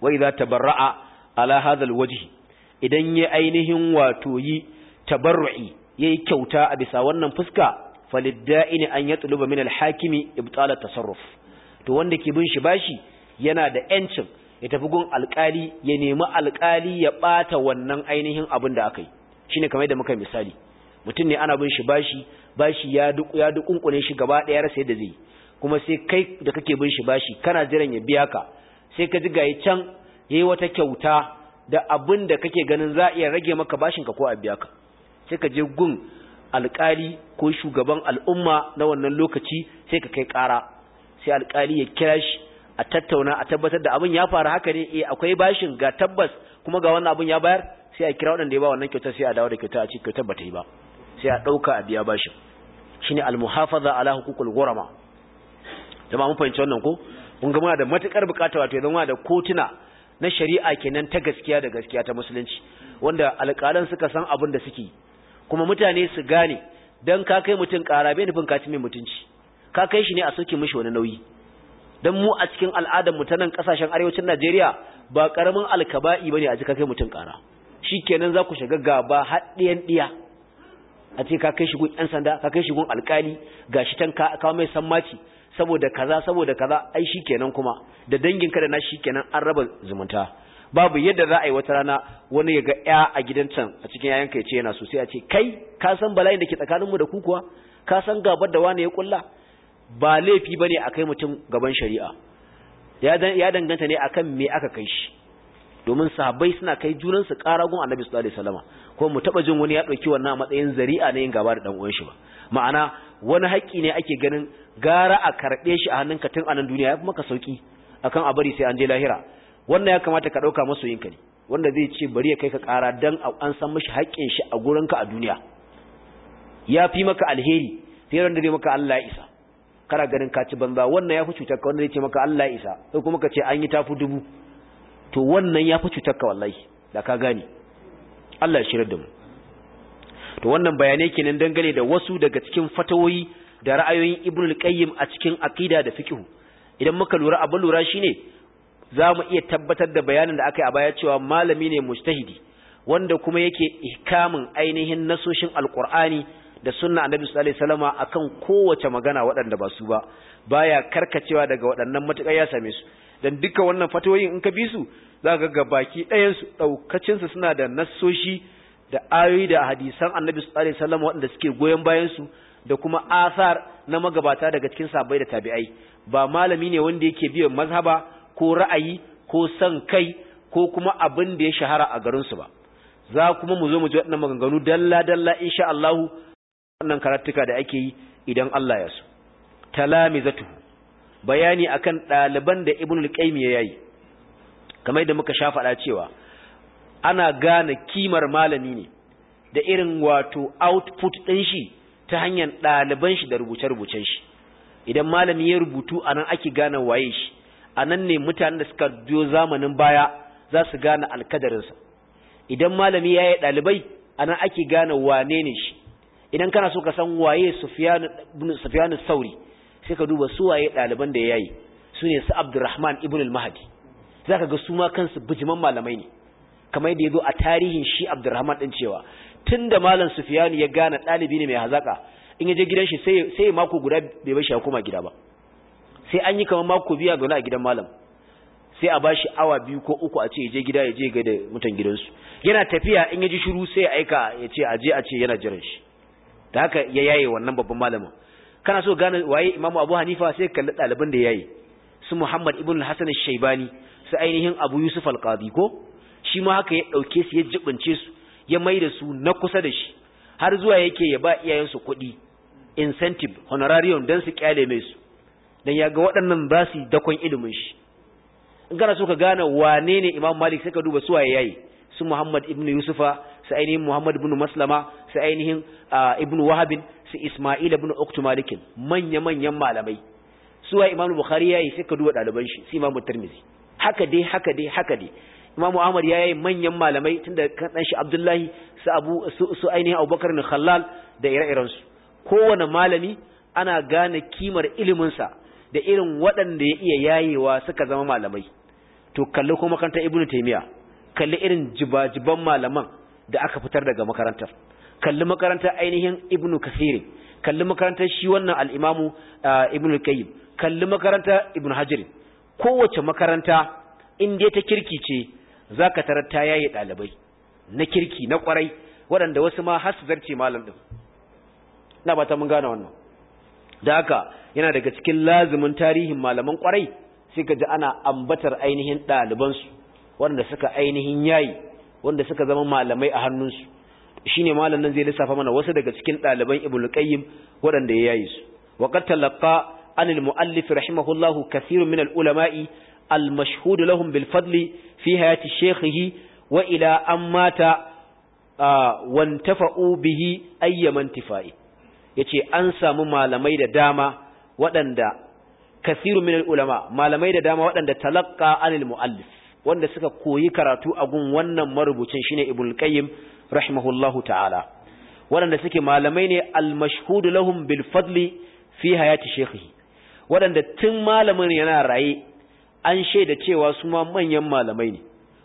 wa idza tabarra'a ala hadha alwajhi idan ya ainihin wato yi tabarru'i yayi kyauta a bisa wannan fuska falidda'ini an yatluba min alhakimi ibtala at-tasarruf to wanda ke bin shi bashi yana da yancin ya tafi gun alƙali ya nemi alƙali ya ɓata wannan ainihin abin da aka yi Shi ne kamar yadda muka misali mutum ne ana bin shi bashi bashi ya duk shi gaba ɗaya rasa yadda zai kuma sai kai da kake bin shi bashi kana jiran ya biya ka sai ka ji gayi can ya yi wata kyauta da abin da kake ganin za a iya rage maka bashin ka ko a biya ka sai ka je gun alƙali ko shugaban al'umma na wannan lokaci sai ka kai ƙara. sai alƙali ya kira shi a tattauna a tabbatar da abin ya faru haka ne eh akwai bashin ga tabbas kuma ga wannan abin ya bayar sai a kira wadanda ya ba wannan kyauta sai a dawo da kyauta a ce kyautar ba ta yi ba sai a ɗauka a biya bashin shine almuhafaza ala huququl da jama'a mun fahimci wannan ko mun ga muna da matukar bukata wato idan muna da kotuna na shari'a kenan ta gaskiya da gaskiya ta musulunci wanda alƙalan suka san abin da suke kuma mutane su gane dan ka kai mutun ƙara bai nufin ka ci mai mutunci ka kai shi ne a soke mishi wani nauyi dan mu a cikin al'adar mu ta nan kasashen arewacin Najeriya ba karamin alkaba'i ne a cikin kai mutun kara shikenan za ku shiga gaba haddiyan diya a ce ka kai shi sanda ka kai alƙali, alkali gashi tan ka ka mai sammaci saboda kaza saboda kaza ai shikenan kuma da dangin ka da na shikenan an raba zumunta babu yadda za a yi wata rana wani ya ga ya a gidan can a cikin yayanka ya ce yana so sai a ce kai ka san bala'in da ke tsakaninmu da ku kuwa ka san gabar da wani ya kulla ba laifi bane akai mutum gaban shari'a ya danganta ne akan me aka kai shi domin sahabbai suna kai junan su karagun annabi sallallahu alaihi wasallam ko mu taba jin wani ya dauki wannan matsayin zari'a ne yin gaba da dan uwan shi ba ma'ana wani haƙƙi ne ake ganin gara a karbe shi a hannunka tun anan duniya ya fi maka sauki akan a bari sai an je lahira wannan ya kamata ka dauka masoyinka ne wanda zai ce bari ya kai ka kara dan an san mishi haƙƙin shi a gurinka a duniya ya fi maka alheri sai ran da zai maka Allah ya isa kana ganin ka ci banza wannan ya fi cutar ka wannan zai ce maka Allah ya isa sai kuma ka ce an yi tafi dubu to wannan ya fi cutar ka wallahi da ka gane Allah ya shirar da mu to wannan bayanai kenan dangane da wasu daga cikin fatawoyi da ra'ayoyin Ibn al-Qayyim a cikin aqida da fiqh idan muka lura abu lura shine za mu iya tabbatar da bayanin da aka yi a baya cewa malami ne mujtahidi wanda kuma yake ihkamin ainihin nasoshin alqur'ani da sunna annabi sallallahu alaihi akan kowace magana waɗanda ba su ba baya karkacewa daga waɗannan matakai ya same su dan duka wannan fatoyin in ka bi su Za zaka ga baki ɗayan su daukacin suna da nassoshi da ayoyi da hadisan annabi sallallahu alaihi wasallam waɗanda suke goyen bayan su da kuma asar na magabata daga cikin sahabbai da tabi'ai ba malami ne wanda yake biyan mazhaba ko ra'ayi ko san kai ko kuma abin da ya shahara a garin ba za kuma mu zo mu ji waɗannan maganganu dalla dalla insha Allahu wannan karatuka da ake yi idan Allah ya so talamizatu bayani akan ɗaliban da ibn al-qayyim ya yi kamar da muka shafa da cewa ana gane kimar malami ne da irin wato output din shi ta hanyar ɗaliban shi da rubuce-rubucen shi idan malami ya rubutu anan nan ake gane waye shi anan ne mutanen da suka biyo zamanin baya za su gane alkadarinsa idan malami ya yi ɗalibai a ake gane wane ne shi idan kana so ka san waye Sufyan ibn Sufyan sauri sai ka duba su waye daliban da yayi sune su Abdurrahman ibn al-Mahdi zaka ga su ma kansu bijiman malamai ne kamar yadda yazo a tarihin shi Abdurrahman din cewa tunda malam Sufyan ya gane ɗalibi ne mai hazaka in ya je gidan shi sai sai mako guda bai bar shi koma gida ba sai an yi kamar mako biya zaune a gidan malam sai a bashi awa biyu ko uku a ce ya je gida ya je ga mutan gidansu yana tafiya in ya ji shiru sai ya aika ya ce a je a ce yana jiran shi da haka ya yaye wannan babban malamin kana so gane waye imamu abu hanifa sai kalli ɗaliban da yayi su muhammad ibn hasan shaibani su ainihin abu yusuf Al-Qadi. ko shi ma haka ya ɗauke su ya jibince su ya mai da su na kusa da shi har zuwa yake ya ba iyayensu kuɗi incentive honorarium don su kyale mai su don ya ga waɗannan ba su dakon ilimin shi in kana so ka gane wane ne imam malik sai ka duba suwaye yayi su muhammad ibn yusufa su ainihin muhammad ibn maslama su ainihin ibn wahabin su isma'il ibn Malikin, manya-manyan malamai suwa imam bukhari yayi sai ka duwa ɗaliban shi su imam tirmizi haka dai haka dai haka dai imam ahmad yayi manyan malamai tunda kan shi abdullahi su abu su ainihin abubakar bin khallal da ire-iren su kowane malami ana gane kimar ilimin sa da irin waɗanda ya iya yayewa suka zama malamai to kalli kuma makarantar ibnu taymiya kalli irin jibajiban malaman da aka fitar daga makarantar kalli makarantar ainihin ibnu kasiri kalli makarantar shi wannan al'imamu ah, ibnu kayyib kalli makarantar ibnu hajirin kowace makaranta indiya ta kirki ce za ka tarar ta yaye ɗalibai na kirki na ƙwarai waɗanda wasu ma har su zarce malam ɗin na ba ta mun gane wannan da haka yana daga cikin lazumin tarihin malaman ƙwarai sai ka ji ana ambatar ainihin ɗalibansu waɗanda suka ainihin yayi wanda suka zama malamai a hannunsu shine malam nan zai lissafa mana wasu daga cikin ɗaliban ibnu qayyim waɗanda ya yayi su wa qad talaqa an al muallif rahimahullahu kathirun min al ulama'i al mashhud lahum bil fadli fi hayati shaykhihi wa ila an mata wa intafa'u bihi ayyaman tifa'i yace an samu malamai da dama waɗanda kathirun min ulama malamai da dama waɗanda talaqa an muallif wanda suka koyi karatu a gun wannan marubucin shine ibnu qayyim rahimahullahu ta'ala waɗanda suke malamai ne al lahum bil fadli fi hayati shaykhihi waɗanda tun malamin yana raye an shaida cewa su ma manyan malamai ne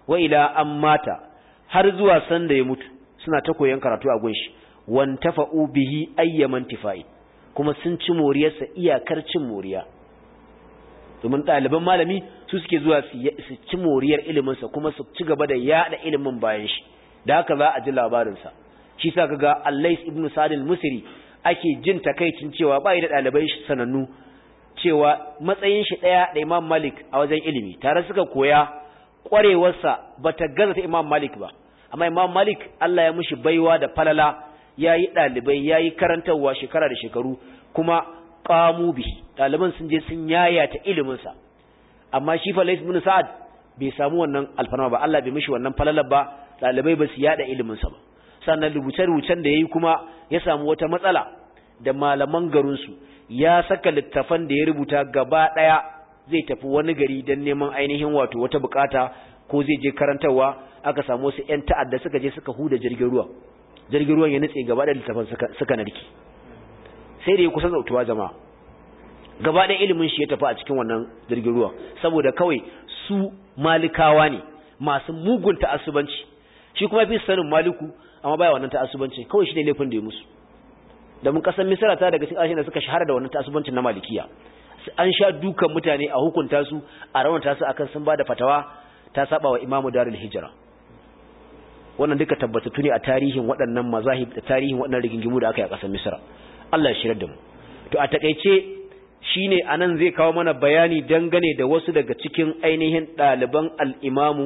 wa ila an mata har zuwa sanda ya mutu suna ta koyon karatu a gunshi wan tafa'u bihi ayyaman tifa'i kuma sun ci moriyarsa iyakar cin moriya domin ɗaliban malami su suke zuwa su ci moriyar iliminsa kuma su ci gaba da yaɗa ilimin bayan shi da haka za a ji labarinsa shi sa kaga allais ibn sadil musiri ake jin takaicin cewa bai da ɗalibai sanannu cewa matsayin shi ɗaya da imam malik a wajen ilimi tare suka koya ƙwarewarsa ba ta gaza ta imam malik ba amma imam malik allah ya mushi baiwa da falala yayi yi ɗalibai ya yi karantarwa shekara da shekaru kuma qamu bi ɗaliban sun je sun yayata iliminsa amma shi fa lais sa'ad bai samu wannan alfarma ba allah bai mishi wannan falalar ba ɗalibai ba su yada iliminsa ba sannan rubuce-rubucen da ya yi kuma ya samu wata matsala da malaman garinsu ya saka littafan da ya rubuta gaba ɗaya zai tafi wani gari don neman ainihin wato wata bukata ko zai je karantarwa aka samu wasu 'yan ta'adda suka je suka huda jirgin ruwa jirgin ruwan ya nutse gaba da littafan suka narki sai da ya kusa zautuwa jama'a gaba ɗaya ilimin shi ya tafi a cikin wannan jirgin ruwa saboda kawai su malikawa ne masu mugunta asubanci shi kuma fi sanin maliku amma baya wannan ta'assubanci kawai ne laifin da ya musu da mun kasan misira ta daga cikin ashirin da suka shahara da wannan ta'assubancin na malikiya an sha dukan mutane a hukunta su a rawan su akan sun bada fatawa ta saba wa imamu darul hijira wannan duka tabbatattu ne a tarihin waɗannan mazahib da tarihin waɗannan rigingimu da aka yi a ƙasar misira Allah ya shirar da mu to a takaice shine anan zai kawo mana bayani dangane da wasu daga cikin ainihin ɗaliban al'imamu imamu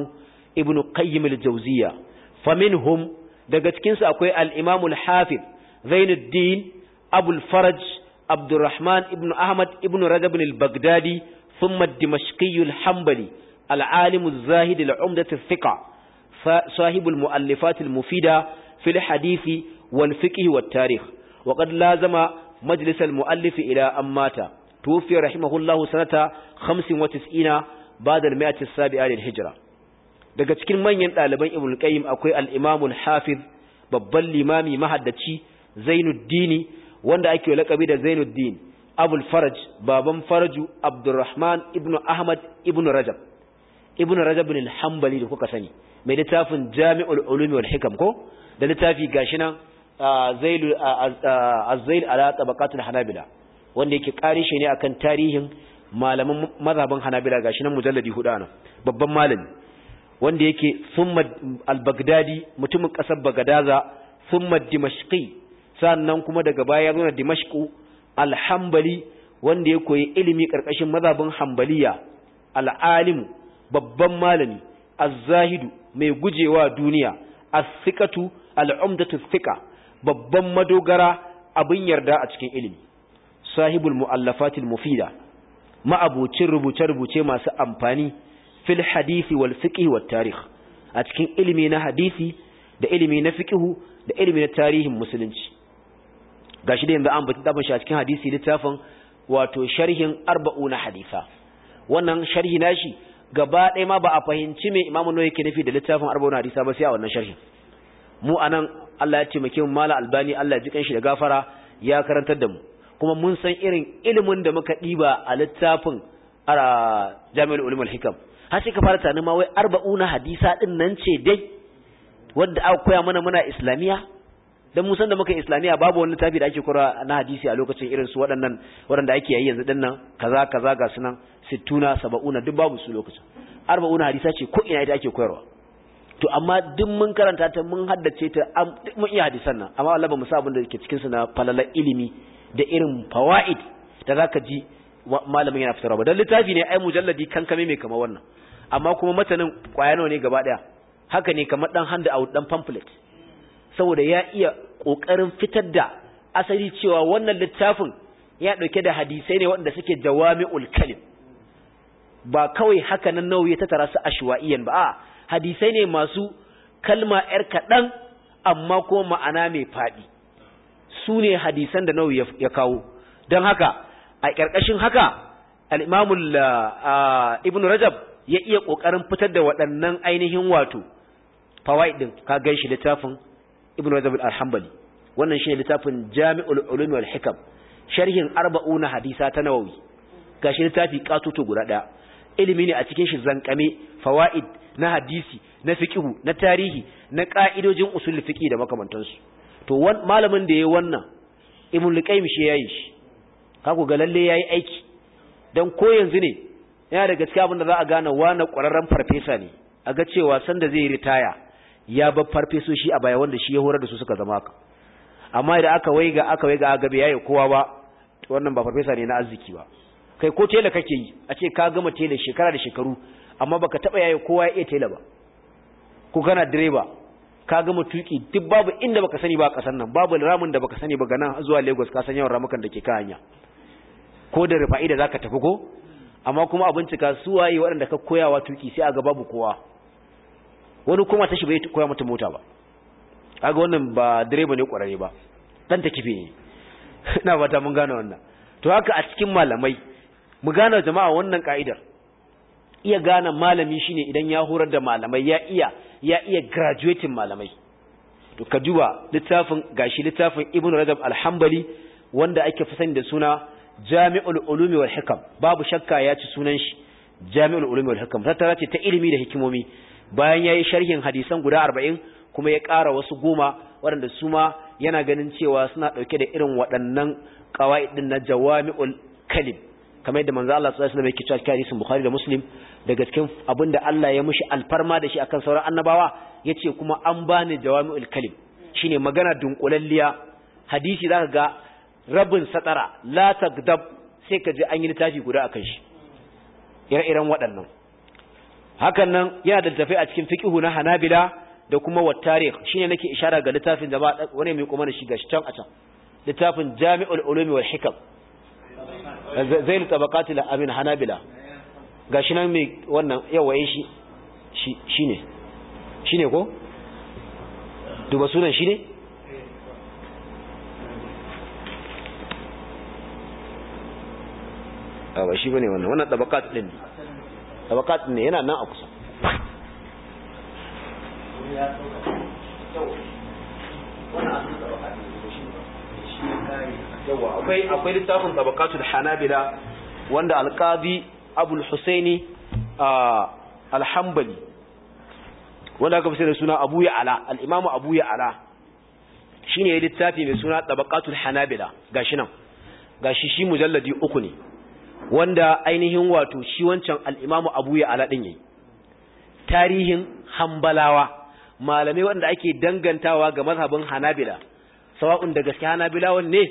ibnu qayyim al-jawziya faminhum daga cikinsu akwai al'imamul hafiz zainuddin abul faraj abdurrahman ibn ahmad ibn rajab al-baghdadi thumma dimashqiyul hanbali العالم الزاهد العمدة الثقة صاحب المؤلفات المفيدة في الحديث والفقه والتاريخ وقد لازم مجلس المؤلف إلى أن مات توفي رحمه الله سنة 95 بعد المائة السابعة للهجرة daga cikin manyan ɗaliban ibn qayyim akwai al-imamul hafiz babban limami mahaddaci zainuddini wanda ake lakabi da zainuddin abul faraj baban faraju abdurrahman ibn ahmad ibn rajab ibn rajab bin hanbali da kuka sani mai littafin jami'ul ulumi wal hikam ko da littafi gashi nan zailu azzail ala tabaqatul hanabila wanda yake karishe ne akan tarihin malaman mazhaban hanabila gashi nan mujalladi hudu ana babban malami wanda yake thumma al-baghdadi mutumin kasar bagadaza thumma dimashqi sannan kuma daga baya zo na dimashqu al-hanbali wanda ya koyi ilimi karkashin mazhabin hanbaliya al-alim babban malami az-zahidu mai gujewa duniya as-sikatu al-umdatu babban madogara abin yarda a cikin ilimi sahibul mu'allafatil mufida ma'abocin rubuce-rubuce masu amfani fil hadisi wal fiqhi wat tarikh a cikin ilimi na hadisi da ilimi na fiqhu da ilimi na tarihin musulunci gashi da yanzu an bata daban shi a cikin hadisi littafin wato sharhin arba'una hadisa wannan sharhi nashi gaba ɗaya ma ba a fahimci me imamu nawawi yake nufi da littafin arba'una hadisa ba sai a wannan sharhin mu anan Allah ya taimake mu mala albani Allah ya ji kanshi da gafara ya karantar da mu kuma mun san irin ilimin da muka diba a littafin a jami'ul ulumul hikam har sai ka fara tunanin ma wai arba'una hadisa din nan ce dai wanda aka koya mana muna islamiya dan musan da muka islamiya babu wani tafi da ake kora na hadisi a lokacin irin su waɗannan waɗanda ake yi yanzu dinnan kaza kaza ga sunan sittuna saba'una duk babu su lokacin arba'una hadisa ce ko ina ita ake koyarwa to amma duk mun karanta ta mun haddace ta duk mun iya hadisan nan amma wallahi ba mu sa abin da ke cikin su na falalar ilimi da irin fawaid da zaka ji malamin yana fitarwa ba dan littafi ne ai mujalladi kankame mai kama wannan amma kuma matanin kwaya nawa ne gaba daya haka ne kamar dan handa out dan pamphlet saboda ya iya kokarin fitar da asali cewa wannan littafin ya dauke da hadisai ne waɗanda suke jawami'ul kalim ba kawai haka nan nawawi ta tara su ashwa'iyan ba a hadisai ne masu kalma yar kaɗan amma kuma ma'ana mai faɗi su ne hadisan da nawa ya kawo don haka a ƙarƙashin haka al’imamun ah, ah, ibn rajab ya iya ƙoƙarin fitar da waɗannan ainihin wato fawai ɗin ka gan shi littafin ibn rajab wannan shi ne littafin jami'ul ulumi wal hikam sharhin arba'u na hadisa ta nawawi shi littafi ƙatoto guda ɗaya, ilimi ne a cikin shi zankame fawaid na hadisi na fiƙihu na tarihi na ƙa'idojin usul fiƙi da makamantansu to malamin da ya yi wannan ibn al shi yayi shi ka ga lalle yayi aiki dan ko yanzu ne yana da gaske abin da za a gane wani ƙwararren farfesa ne a ga cewa sanda zai ritaya ya bar farfesoshi a baya wanda shi ya horar da su suka zama haka amma idan aka wai ga aka wai a gabe yayi kowa ba wannan ba farfesa ne na arziki ba kai ko tela kake yi a ce ka gama tela shekara da shekaru amma baka taba yayi kowa ya iya tela ba ko kana direba ka gama tuki duk babu inda baka sani ba a kasan nan babu ramin da baka sani ba ga nan zuwa Lagos ka san yawan ramukan da ke kan hanya ko da rufa'i da zaka tafi ko amma kuma a bincika su waye waɗanda ka koyawa tuki sai a ga babu kowa wani kuma tashi bai koya mata mota ba kaga wannan ba direba ne ƙwararre ba dan ta kife ne ina fata mun gane wannan to haka a cikin malamai mu gane jama'a wannan ka'idar iya gane malami shine idan ya horar da malamai ya iya ya iya graduating malamai to ka duba littafin gashi littafin ibnu Rajab al-Hanbali wanda ake fi sani da suna jami'ul ulumi wal hikam babu shakka ya ci sunan shi jami'ul ulumi wal hikam tattara ce ta ilimi da hikimomi bayan yayi sharhin hadisan guda 40 kuma ya ƙara wasu goma waɗanda su ma yana ganin cewa suna ɗauke da irin waɗannan qawaid din na jawami'ul kalim kamar yadda manzo Allah sallallahu alaihi wasallam yake cewa cikin hadisin Bukhari da Muslim da gaskin abinda Allah ya mushi alfarma da shi akan sauran annabawa yace kuma an bani jawami'ul kalim shine magana dunkulalliya hadisi zaka ga rabin satara la tagdab sai ka ji an yi littafi guda kan shi ire-iren waɗannan hakan nan yana da tafi a cikin fiqhu na Hanabila da kuma wa tarikh shine nake ishara ga littafin da ba wani mai kuma na shi gashi can a can littafin Jami'ul ulumi wal Hikam zainu tabaqatil amin Hanabila gashi nan mai wannan yawaye eh, shi shine shine ko duba sunan shine ba shi bane wannan wannan tabakat din ne tabaqat ne yana nan a kusa akwai akwai littafin tabaqatul hanabila wanda alqadi abul husaini alhambali wanda aka fi da suna abu ya'ala al'imamu abu ya'ala shi ne littafi mai suna tabakatul hanabila shi nan gashi shi mujalladi uku ne wanda ainihin wato shi wancan al'imamu abu ya alaɗin yi tarihin hambalawa malamai wanda ake dangantawa ga mazhabin hanabila sawa'un da gaske hanabilawan ne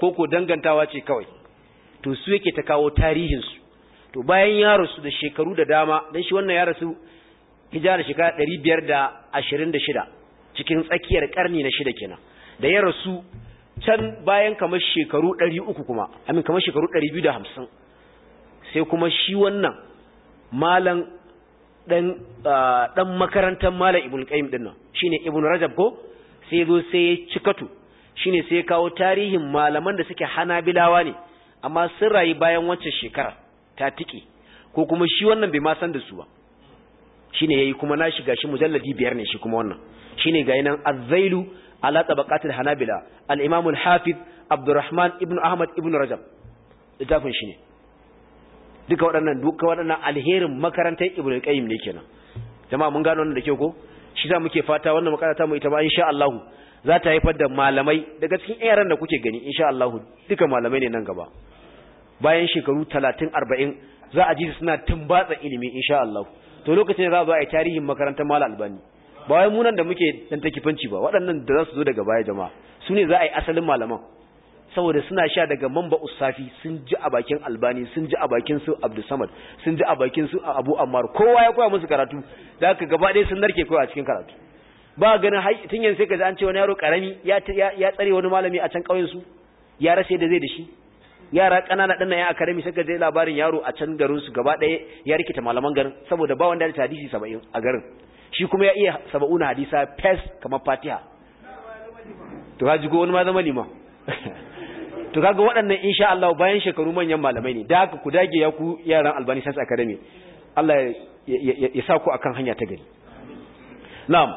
ko ko dangantawa ce kawai to su yake ta kawo tarihinsu to bayan ya rasu da shekaru da dama don shi wannan ya rasu shekara 526 biyar da ashirin cikin tsakiyar karni na shida kenan da ya rasu can bayan kamar shekaru 300 kuma amin kamar shekaru ɗari biyu sai kuma shi wannan malam dan makarantar malam ibn qayyim din nan shine ibn rajab ko sai zo sai ya cikatu shine sai ya kawo tarihin malaman da suke hanabilawa ne amma sun rayu bayan wancan shekara ta tiki ko kuma shi wannan bai ma san da su ba shine yayi kuma na shiga shi mujalladi biyar ne shi kuma wannan shine ga yanan az-zailu ala tabaqatil hanabila al-imam al-hafiz abdurrahman ibn ahmad ibn rajab littafin shi ne duka waɗannan duka waɗannan alherin makarantar Ibrahim Kayyim ne kenan jama'a mun gano wannan da kyau ko shi za muke fata wannan makaranta mu ita ba insha Allah za ta haifar da malamai daga cikin yaran da kuke gani insha Allah duka malamai ne nan gaba bayan shekaru 30 40 za a ji suna tumbatsa ilimi insha Allah to lokacin za a zo a yi tarihin makarantar Malam Albani ba wai munan da muke dan takifanci ba waɗannan da za su zo daga baya jama'a su ne za a yi asalin malaman saboda suna sha daga mamba usafi sun ji a bakin albani sun ji a bakin su abdusamad sun ji a bakin su abu ammar kowa ya koya musu karatu da aka gaba ɗaya sun narke koya a cikin karatu ba ganin tun yanzu sai ka ji an ce wani yaro karami ya tsare wani malami a can ƙauyen su ya rasa da zai da shi yara ƙanana ɗan ya akarami sai ka ji labarin yaro a can garin su gaba ɗaya ya rikita malaman garin saboda ba wanda ya hadisi saba'in a garin shi kuma ya iya saba'un hadisa fes kamar fatiha to ha ko wani ma zama liman to kaga waɗannan insha Allah bayan shekaru manyan malamai ne da haka ku dage ya ku yaran Albani Science Academy Allah ya sa ku akan hanya ta gari na'am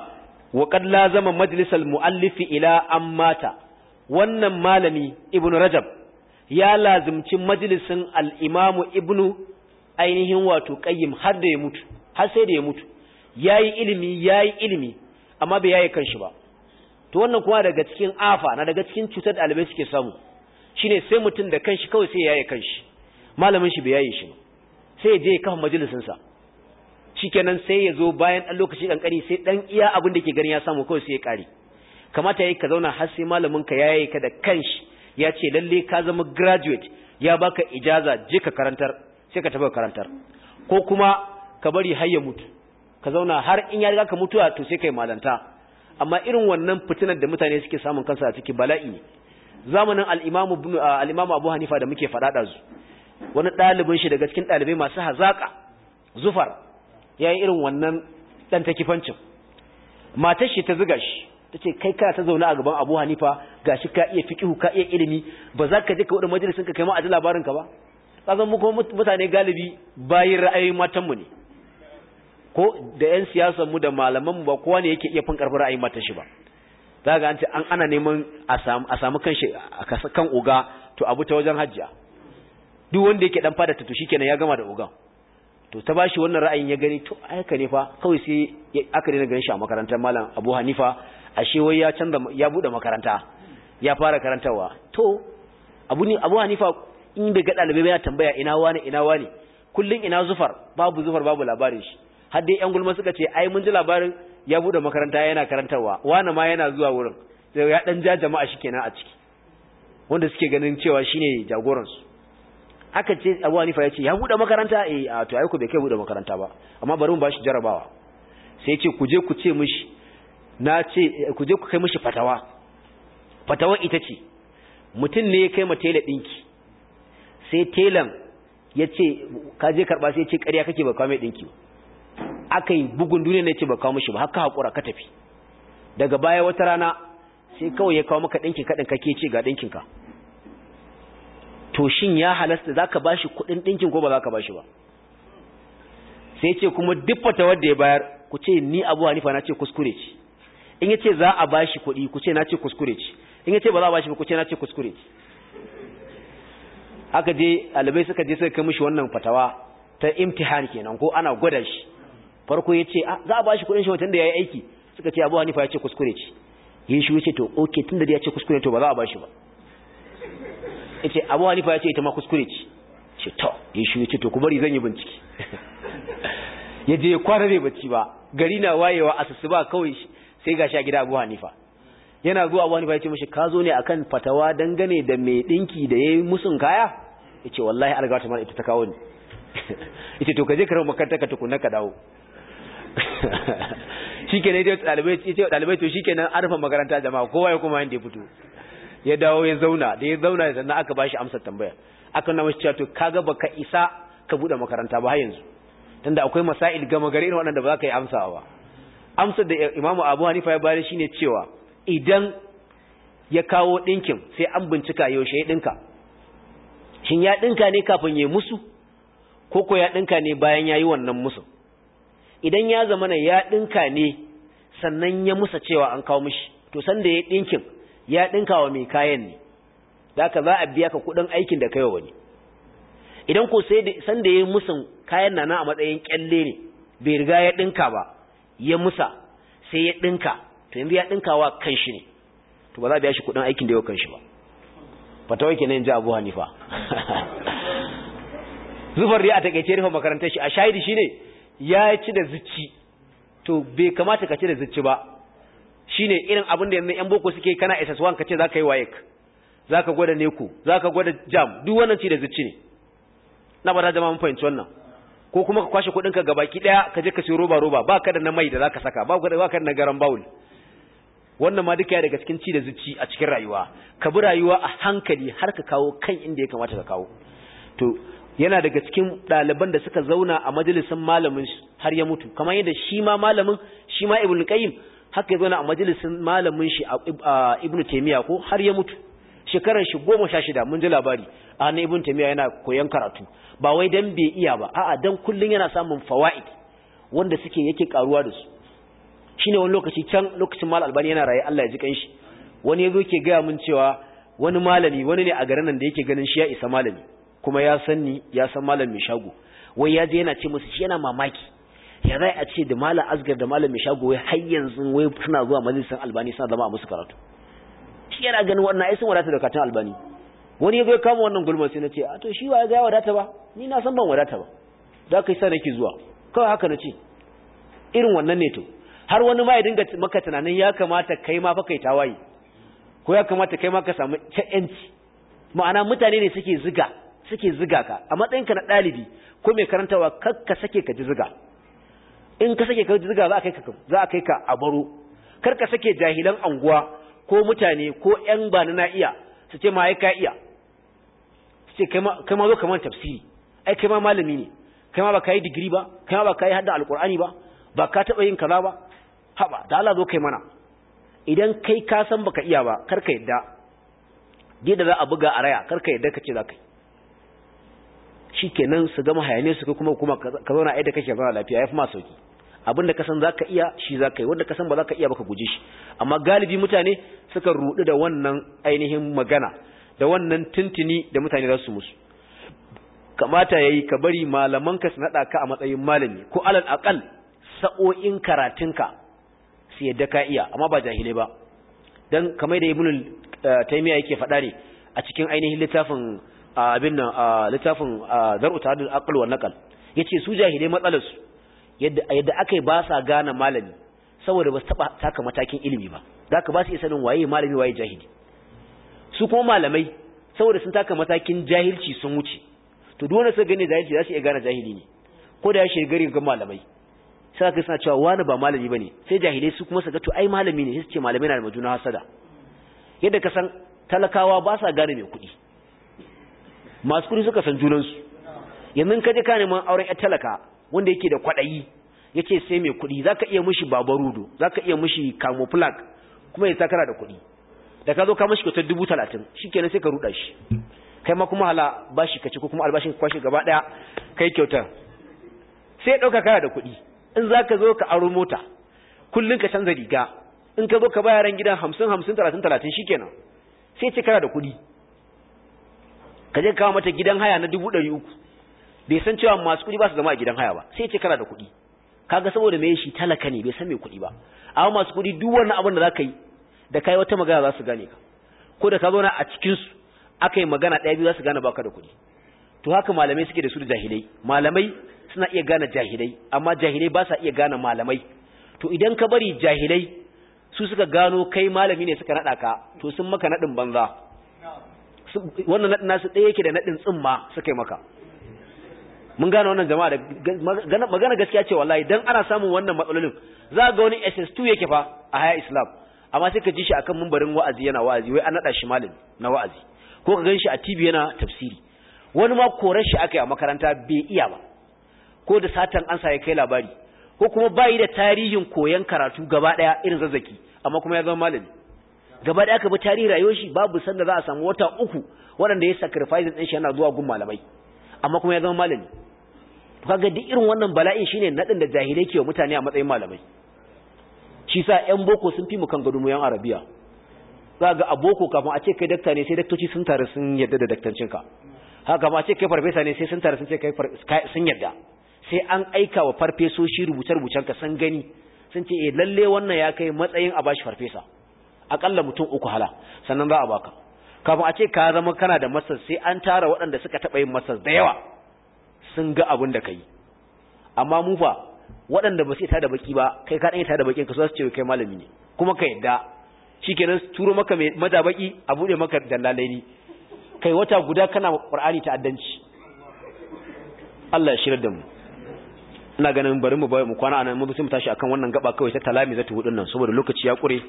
wa qad lazama majlisal mu'allifi ila ammata wannan malami Ibn Rajab ya lazimci majlisin al-Imam Ibn ainihin wato Qayyim har da ya mutu har sai da ya mutu yayi ilimi yayi ilimi amma bai yayi kanshi ba to wannan kuma daga cikin afa na daga cikin cutar ɗalibai suke samu shine sai mutum da kanshi kawai sai ya yi kanshi malamin shi bai yi shi sai ya je ya kafa majalisin sa shikenan sai ya zo bayan ɗan lokaci kankani sai ɗan iya abin da ke gani ya samu kawai sai ya kare kamata yayi ka zauna har sai malamin ka yi ka da kanshi ya ce lalle ka zama graduate ya baka ijaza je ka karantar sai ka tafi karantar ko kuma ka bari har ya mutu ka zauna har in ya riga ka mutuwa to sai kai malanta amma irin wannan fitinar da mutane suke samun kansa a ciki bala'i ne zamanin ah, al-imamu Abu Hanifa da muke faɗa da su wani ɗalibin shi daga cikin ɗalibai masu hazaka zufar yi irin wannan dan fancin matar shi ta zuga shi tace kai kana ta zauna a gaban Abu Hanifa gashi ka iya fiƙihu ka iya ilimi ba za ka je ka wada majalisin ka kai ma a ji labarin ka ba kazan mu kuma mutane galibi bayin ra'ayoyin matan mu ne ko da yan siyasar mu da malaman mu ba kowa ne yake iya fin karfin ra'ayin matan shi ba za ga an ce an ana neman a samu kan shi kan oga to abu ta wajen hajjiya duk wanda yake dan fada to shikenan ya gama da ogan to ta bashi wannan ra'ayin ya gani to aika ne fa kawai sai aka daina ganin shi a makarantar malam Abu Hanifa ashe wai ya canza ya bude makaranta ya fara karantawa to Abu ni Abu Hanifa in daga dalibai ya tambaya ina wani ina wani kullun ina zufar babu zufar babu labarin shi har dai yan gulma suka ce ai mun ji labarin ya bude makaranta yana karantarwa wani ma yana zuwa wurin ya dan ja jama'a shikenan a ciki wanda suke ganin cewa shine jagoran su haka ce Abu Hanifa ya ce ya bude makaranta eh a to ai ku bai kai bude makaranta ba amma bari mu bashi jarabawa sai ya ce ku je ku ce mishi na ce eh, ku je ku kai mishi fatawa fatawa ita ce mutum ne ya kai ma tela dinki sai telan ya ka je karba sai ya ce ƙarya kake ba kwame dinki ba aka yi bugun duniya ne ce ba kawo mishi ba haka haƙura ka tafi daga baya wata rana sai kawai ya kawo maka ɗinkin kaɗin kake ce ga ɗinkinka to shin ya halasta za ka ba shi kuɗin ɗinkin ko ba za ka ba ba sai ce kuma duk fatawar da ya bayar ku ce ni abu hanifa na ce kuskure ce in ya ce za a ba shi kuɗi ku ce na ce kuskure ce in ya ce ba za a ba ku ce na ce kuskure ce haka je ɗalibai suka je suka kai mishi wannan fatawa ta imtihan kenan ko ana gwada shi farko ya ce ah, za a ba shi kudin shi da ya yi aiki suka ce abu hanifa ya ce kuskure ce yin shi ce to ok tun da ya ce kuskure to ba za a ba shi ba ya ce abu hanifa ya ce ita ma kuskure ce ce to yin shi ce to ku bari zan yi binciki. ya je ya kwana bai bacci ba gari na wayewa a sassu ba kawai sai ga sha gida abu hanifa yana zuwa abu hanifa ya ce mashi ka zo ne akan fatawa dangane da mai ɗinki da ya yi musun kaya ya ce wallahi ta mara ita ta kawo ne ita to ka je karar makarantar ka tukun na ka dawo shi kenan dalibai ya dalibai to shikenan an rufe makaranta jama'a kowa ya kuma inda ya fito ya dawo ya zauna da ya zauna sannan aka ba bashi amsar tambaya aka nuna shi cewa to kaga ka isa ka bude makaranta ba har yanzu tunda akwai masail gama gari irin waɗanda ba za ka yi amsawa ba amsar da imamu Abu Hanifa ya bayar shine cewa idan ya kawo ɗinkin sai an bincika yaushe ya dinka shin ya ɗinka ne kafin ya musu ko ko ya dinka ne bayan ya yi wannan musu idan ya zama na ya ɗinka ne sannan ya musa cewa an kawo mishi to sanda ya ɗinkin ya ɗinka wa mai kayan ne za ka za a biya ka kuɗin aikin da kaiwa wani idan ko sai sanda ya musu kayan nana a matsayin kyalle ne bai riga ya ɗinka ba ya musa sai ya ɗinka to yanzu ya ɗinka wa kanshi ne to ba za a biya shi kuɗin aikin da yau kanshi ba fatawai kenan ji abu hanifa zubar ya a takaice rufe makarantar shi a shi ne. ya ci da zuci to bai kamata ka ci da zuci ba shine irin abin da yanzu yan boko suke kana SS1 ka ce zaka yi wayek zaka gwada neko zaka gwada jam duk wannan ci da zuci ne na ba da jama'a mun fahimci wannan ko kuma ka kwashe kuɗinka gabaki daya ka je ka siyo roba roba ba ka da na mai da zaka saka ba ka da na garan bawul wannan ma duka ya daga cikin ci da zuci a cikin rayuwa ka bi rayuwa a hankali har ka kawo kan inda ya kamata ka kawo to yana daga cikin ɗaliban da suka zauna a majalisin malamin har ya mutu kamar yadda shi ma malamin shi ma ibn qayyim haka ya zauna a majalisin malamin shi a ibn taymiya ko har ya mutu Shekarar shi goma sha shida mun ji labari a hannun ibn taymiya yana koyon karatu ba wai dan bai iya ba a'a dan kullun yana samun fawaid wanda suke yake karuwa da su shine wani lokaci can lokacin mal albani yana raye Allah ya ji kanshi wani yazo ke gaya mun cewa wani malami wani ne a garin nan da yake ganin shi ya isa malami kuma ya san ni ya san malam mai shago wai ya je yana ce musu shi yana mamaki ya zai a ce da malam asgar da malam mai shago wai har yanzu wai suna zuwa majalisar albani suna zama a musu karatu shi yana ganin wannan ai sun wadata da katin albani wani ya zo ya kama wannan gulma sai na ce a to shi ba ya wadata ba ni na san ban wadata ba da kai sa nake zuwa kawai haka na ce irin wannan ne to har wani ma ya dinga maka tunanin ya kamata kai ma fa kai tawaye ko ya kamata kai ma ka samu yanci ma'ana mutane ne suke ziga suke ziga ka a matsayinka na ɗalibi ko mai karantawa kar ka sake ka ji ziga in ka sake ka ji ziga za a kai ka a baro kar ka sake jahilan anguwa ko mutane ko 'yan ba na iya su ce ma ai ka iya su ce kai ma zo kamar tafsiri ai kai ma malami ne kai ma ba ka yi digiri ba kai ma ba ka yi hadda alkur'ani ba ba ka taɓa yin kaza ba haɓa da Allah zo kai mana idan kai ka san baka iya ba kar ka yadda da za a buga a raya kar ka yadda ka ce za ka yi shikenan su gama hayane su kuma kuma ka zauna aida da kake zauna lafiya yafi ma sauki abinda ka san zaka iya shi zaka yi wanda ka san ba zaka iya ba ka guje shi amma galibi mutane suka rudu da wannan ainihin magana da wannan tuntuni da mutane za su musu kamata yi ka bari malamanka su nada ka a matsayin malami ko alal aqal sa'o'in karatunka su yadda ka iya amma ba jahilai ba dan kamar da ibnul eh, taymiya yake faɗa ne a cikin ainihin littafin abin nan littafin zar'u hadin aql wa naqal yace su jahilai matsalar su yadda yadda akai ba sa gane malami saboda ba su taba taka matakin ilimi ba zaka ba su iya sanin waye malami waye jahili su kuma malamai saboda sun taka matakin jahilci sun wuce to duk sun gani gane jahilci za su iya gane jahili ne ko da ya gari ga malamai sai ka suna cewa wani ba malami bane sai jahilai su kuma su ga to ai malami ne su ce malamai na da majuna hasada yadda ka san talakawa ba sa gane mai kuɗi masu kuɗi suka san junansu yanzu ka je ka neman auren yar talaka wanda yake da kwaɗayi ya ce sai mai kuɗi za ka iya mushi babarudo za ka iya mushi camouflage kuma ya takara da kuɗi da ka zo ka mashi kyautar dubu talatin shi kenan sai ka ruɗa shi kai ma kuma hala bashi ka ci ko kuma albashin ka kwashe gaba ɗaya kai kyautar sai ya ɗauka kana da kuɗi in za ka zo ka aro mota kullum ka canza riga in ka zo ka ba yaran gidan hamsin hamsin talatin talatin shi kenan sai ce kana da kuɗi ka je kawo mata gidan haya na dubu ɗari uku bai san cewa masu kuɗi ba su zama a gidan haya ba sai ce kana da kuɗi kaga saboda me shi talaka ne bai san me kuɗi ba amma masu kuɗi duk wani abin da za ka yi da kai wata magana za su gane ka ko da ka zauna a cikin su aka yi magana ɗaya biyu za su gane baka da kuɗi to haka malamai suke da su da jahilai malamai suna iya gane jahilai amma jahilai ba sa iya gane malamai to idan ka bari jahilai su suka gano kai malami ne suka naɗa ka to sun maka naɗin banza wannan nadin nasu ɗaya yake da nadin tsimma suka yi maka mun gane wannan jama'a da magana gaskiya ce wallahi dan ana samun wannan matsalolin za ga wani SS2 yake fa a haya Islam amma sai ka ji shi akan mumbarin wa'azi yana wa'azi wai an nada shi malin na wa'azi ko ka gan shi a TV yana tafsiri wani ma korar shi aka yi a makaranta bai iya ba ko da satan ansa ya kai labari ko kuma yi da tarihin koyon karatu gaba daya irin zazzaki amma kuma ya zama malami gaba da aka bi tarihi rayuwar shi babu sanda za a samu wata uku waɗanda ya sacrifice din shi yana zuwa gun malamai amma kuma ya zama malami to kaga duk irin wannan bala'in shine nadin da jahilai ke wa mutane a matsayin malamai shi sa boko sun fi mu kan gado mu yan arabiya za ga aboko kafin a ce kai dakta ne sai daktoci sun tare sun yadda da daktancinka haka ma ce kai farfesa ne sai sun tare sun ce kai sun yadda sai an aika wa farfesoshi rubuce-rubucenka sun gani sun ce eh lalle wannan ya kai matsayin a bashi farfesa akalla mutum uku hala sannan za a baka kafin a ce ka zama kana da masar sai an tara waɗanda suka taɓa yin masar da yawa sun ga abin da ka yi amma mu waɗanda ba su ita da baki ba kai ka ɗan ita da bakin ka su ce kai malami ne kuma ka yadda shikenan turo maka mai maza baki a buɗe maka dallalaini kai wata guda kana qur'ani ta'addanci Allah ya shirar da mu ina ganin bari mu bayar mu kwana anan mu bi mu tashi akan wannan gaba kawai ta talami zata hudun nan saboda lokaci ya kure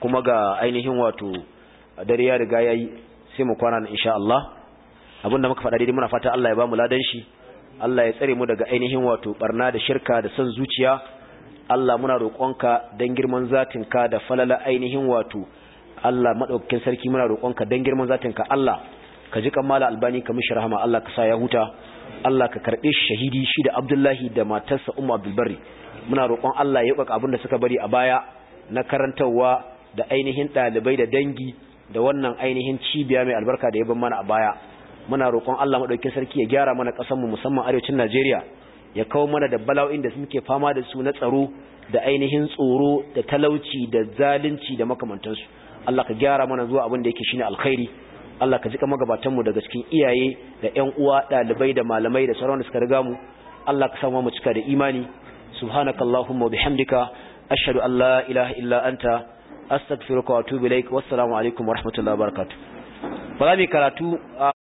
kuma ga ainihin wato dare ya riga ya yi sai mu kwana sha Allah abinda muka faɗa daidai muna fata Allah ya ba mu ladan shi Allah ya tsare mu daga ainihin wato barna da shirka da san zuciya Allah muna roƙonka dan girman zatinka da falala ainihin wato Allah madaukakin sarki muna roƙonka dan girman zatinka Allah ka ji kammala albani ka mishi rahama Allah ka sa ya huta Allah ka karbe shi shahidi shi da Abdullahi da matarsa Umma Abdul Barri muna roƙon Allah ya yi abin da suka bari a baya na karantawa da ainihin ɗalibai da dangi da wannan ainihin cibiya mai albarka da ya ban mana a baya muna roƙon Allah maɗaukin sarki ya gyara mana ƙasarmu musamman arewacin Najeriya ya kawo mana da bala'o'in da suke fama da su na tsaro da ainihin tsoro da talauci da zalunci da makamantansu Allah ka gyara mana zuwa abin da yake shine alkhairi Allah ka jika magabatanmu daga cikin iyaye da ƴan uwa ɗalibai da malamai da sauran da suka riga mu Allah ka sa mu cika da imani subhanakallahumma wa bihamdika ashhadu an la ilaha illa anta astaghfiruka wa atubu ilaik wassalamu alaikum warahmatullahi wabarakatuh fara mai karatu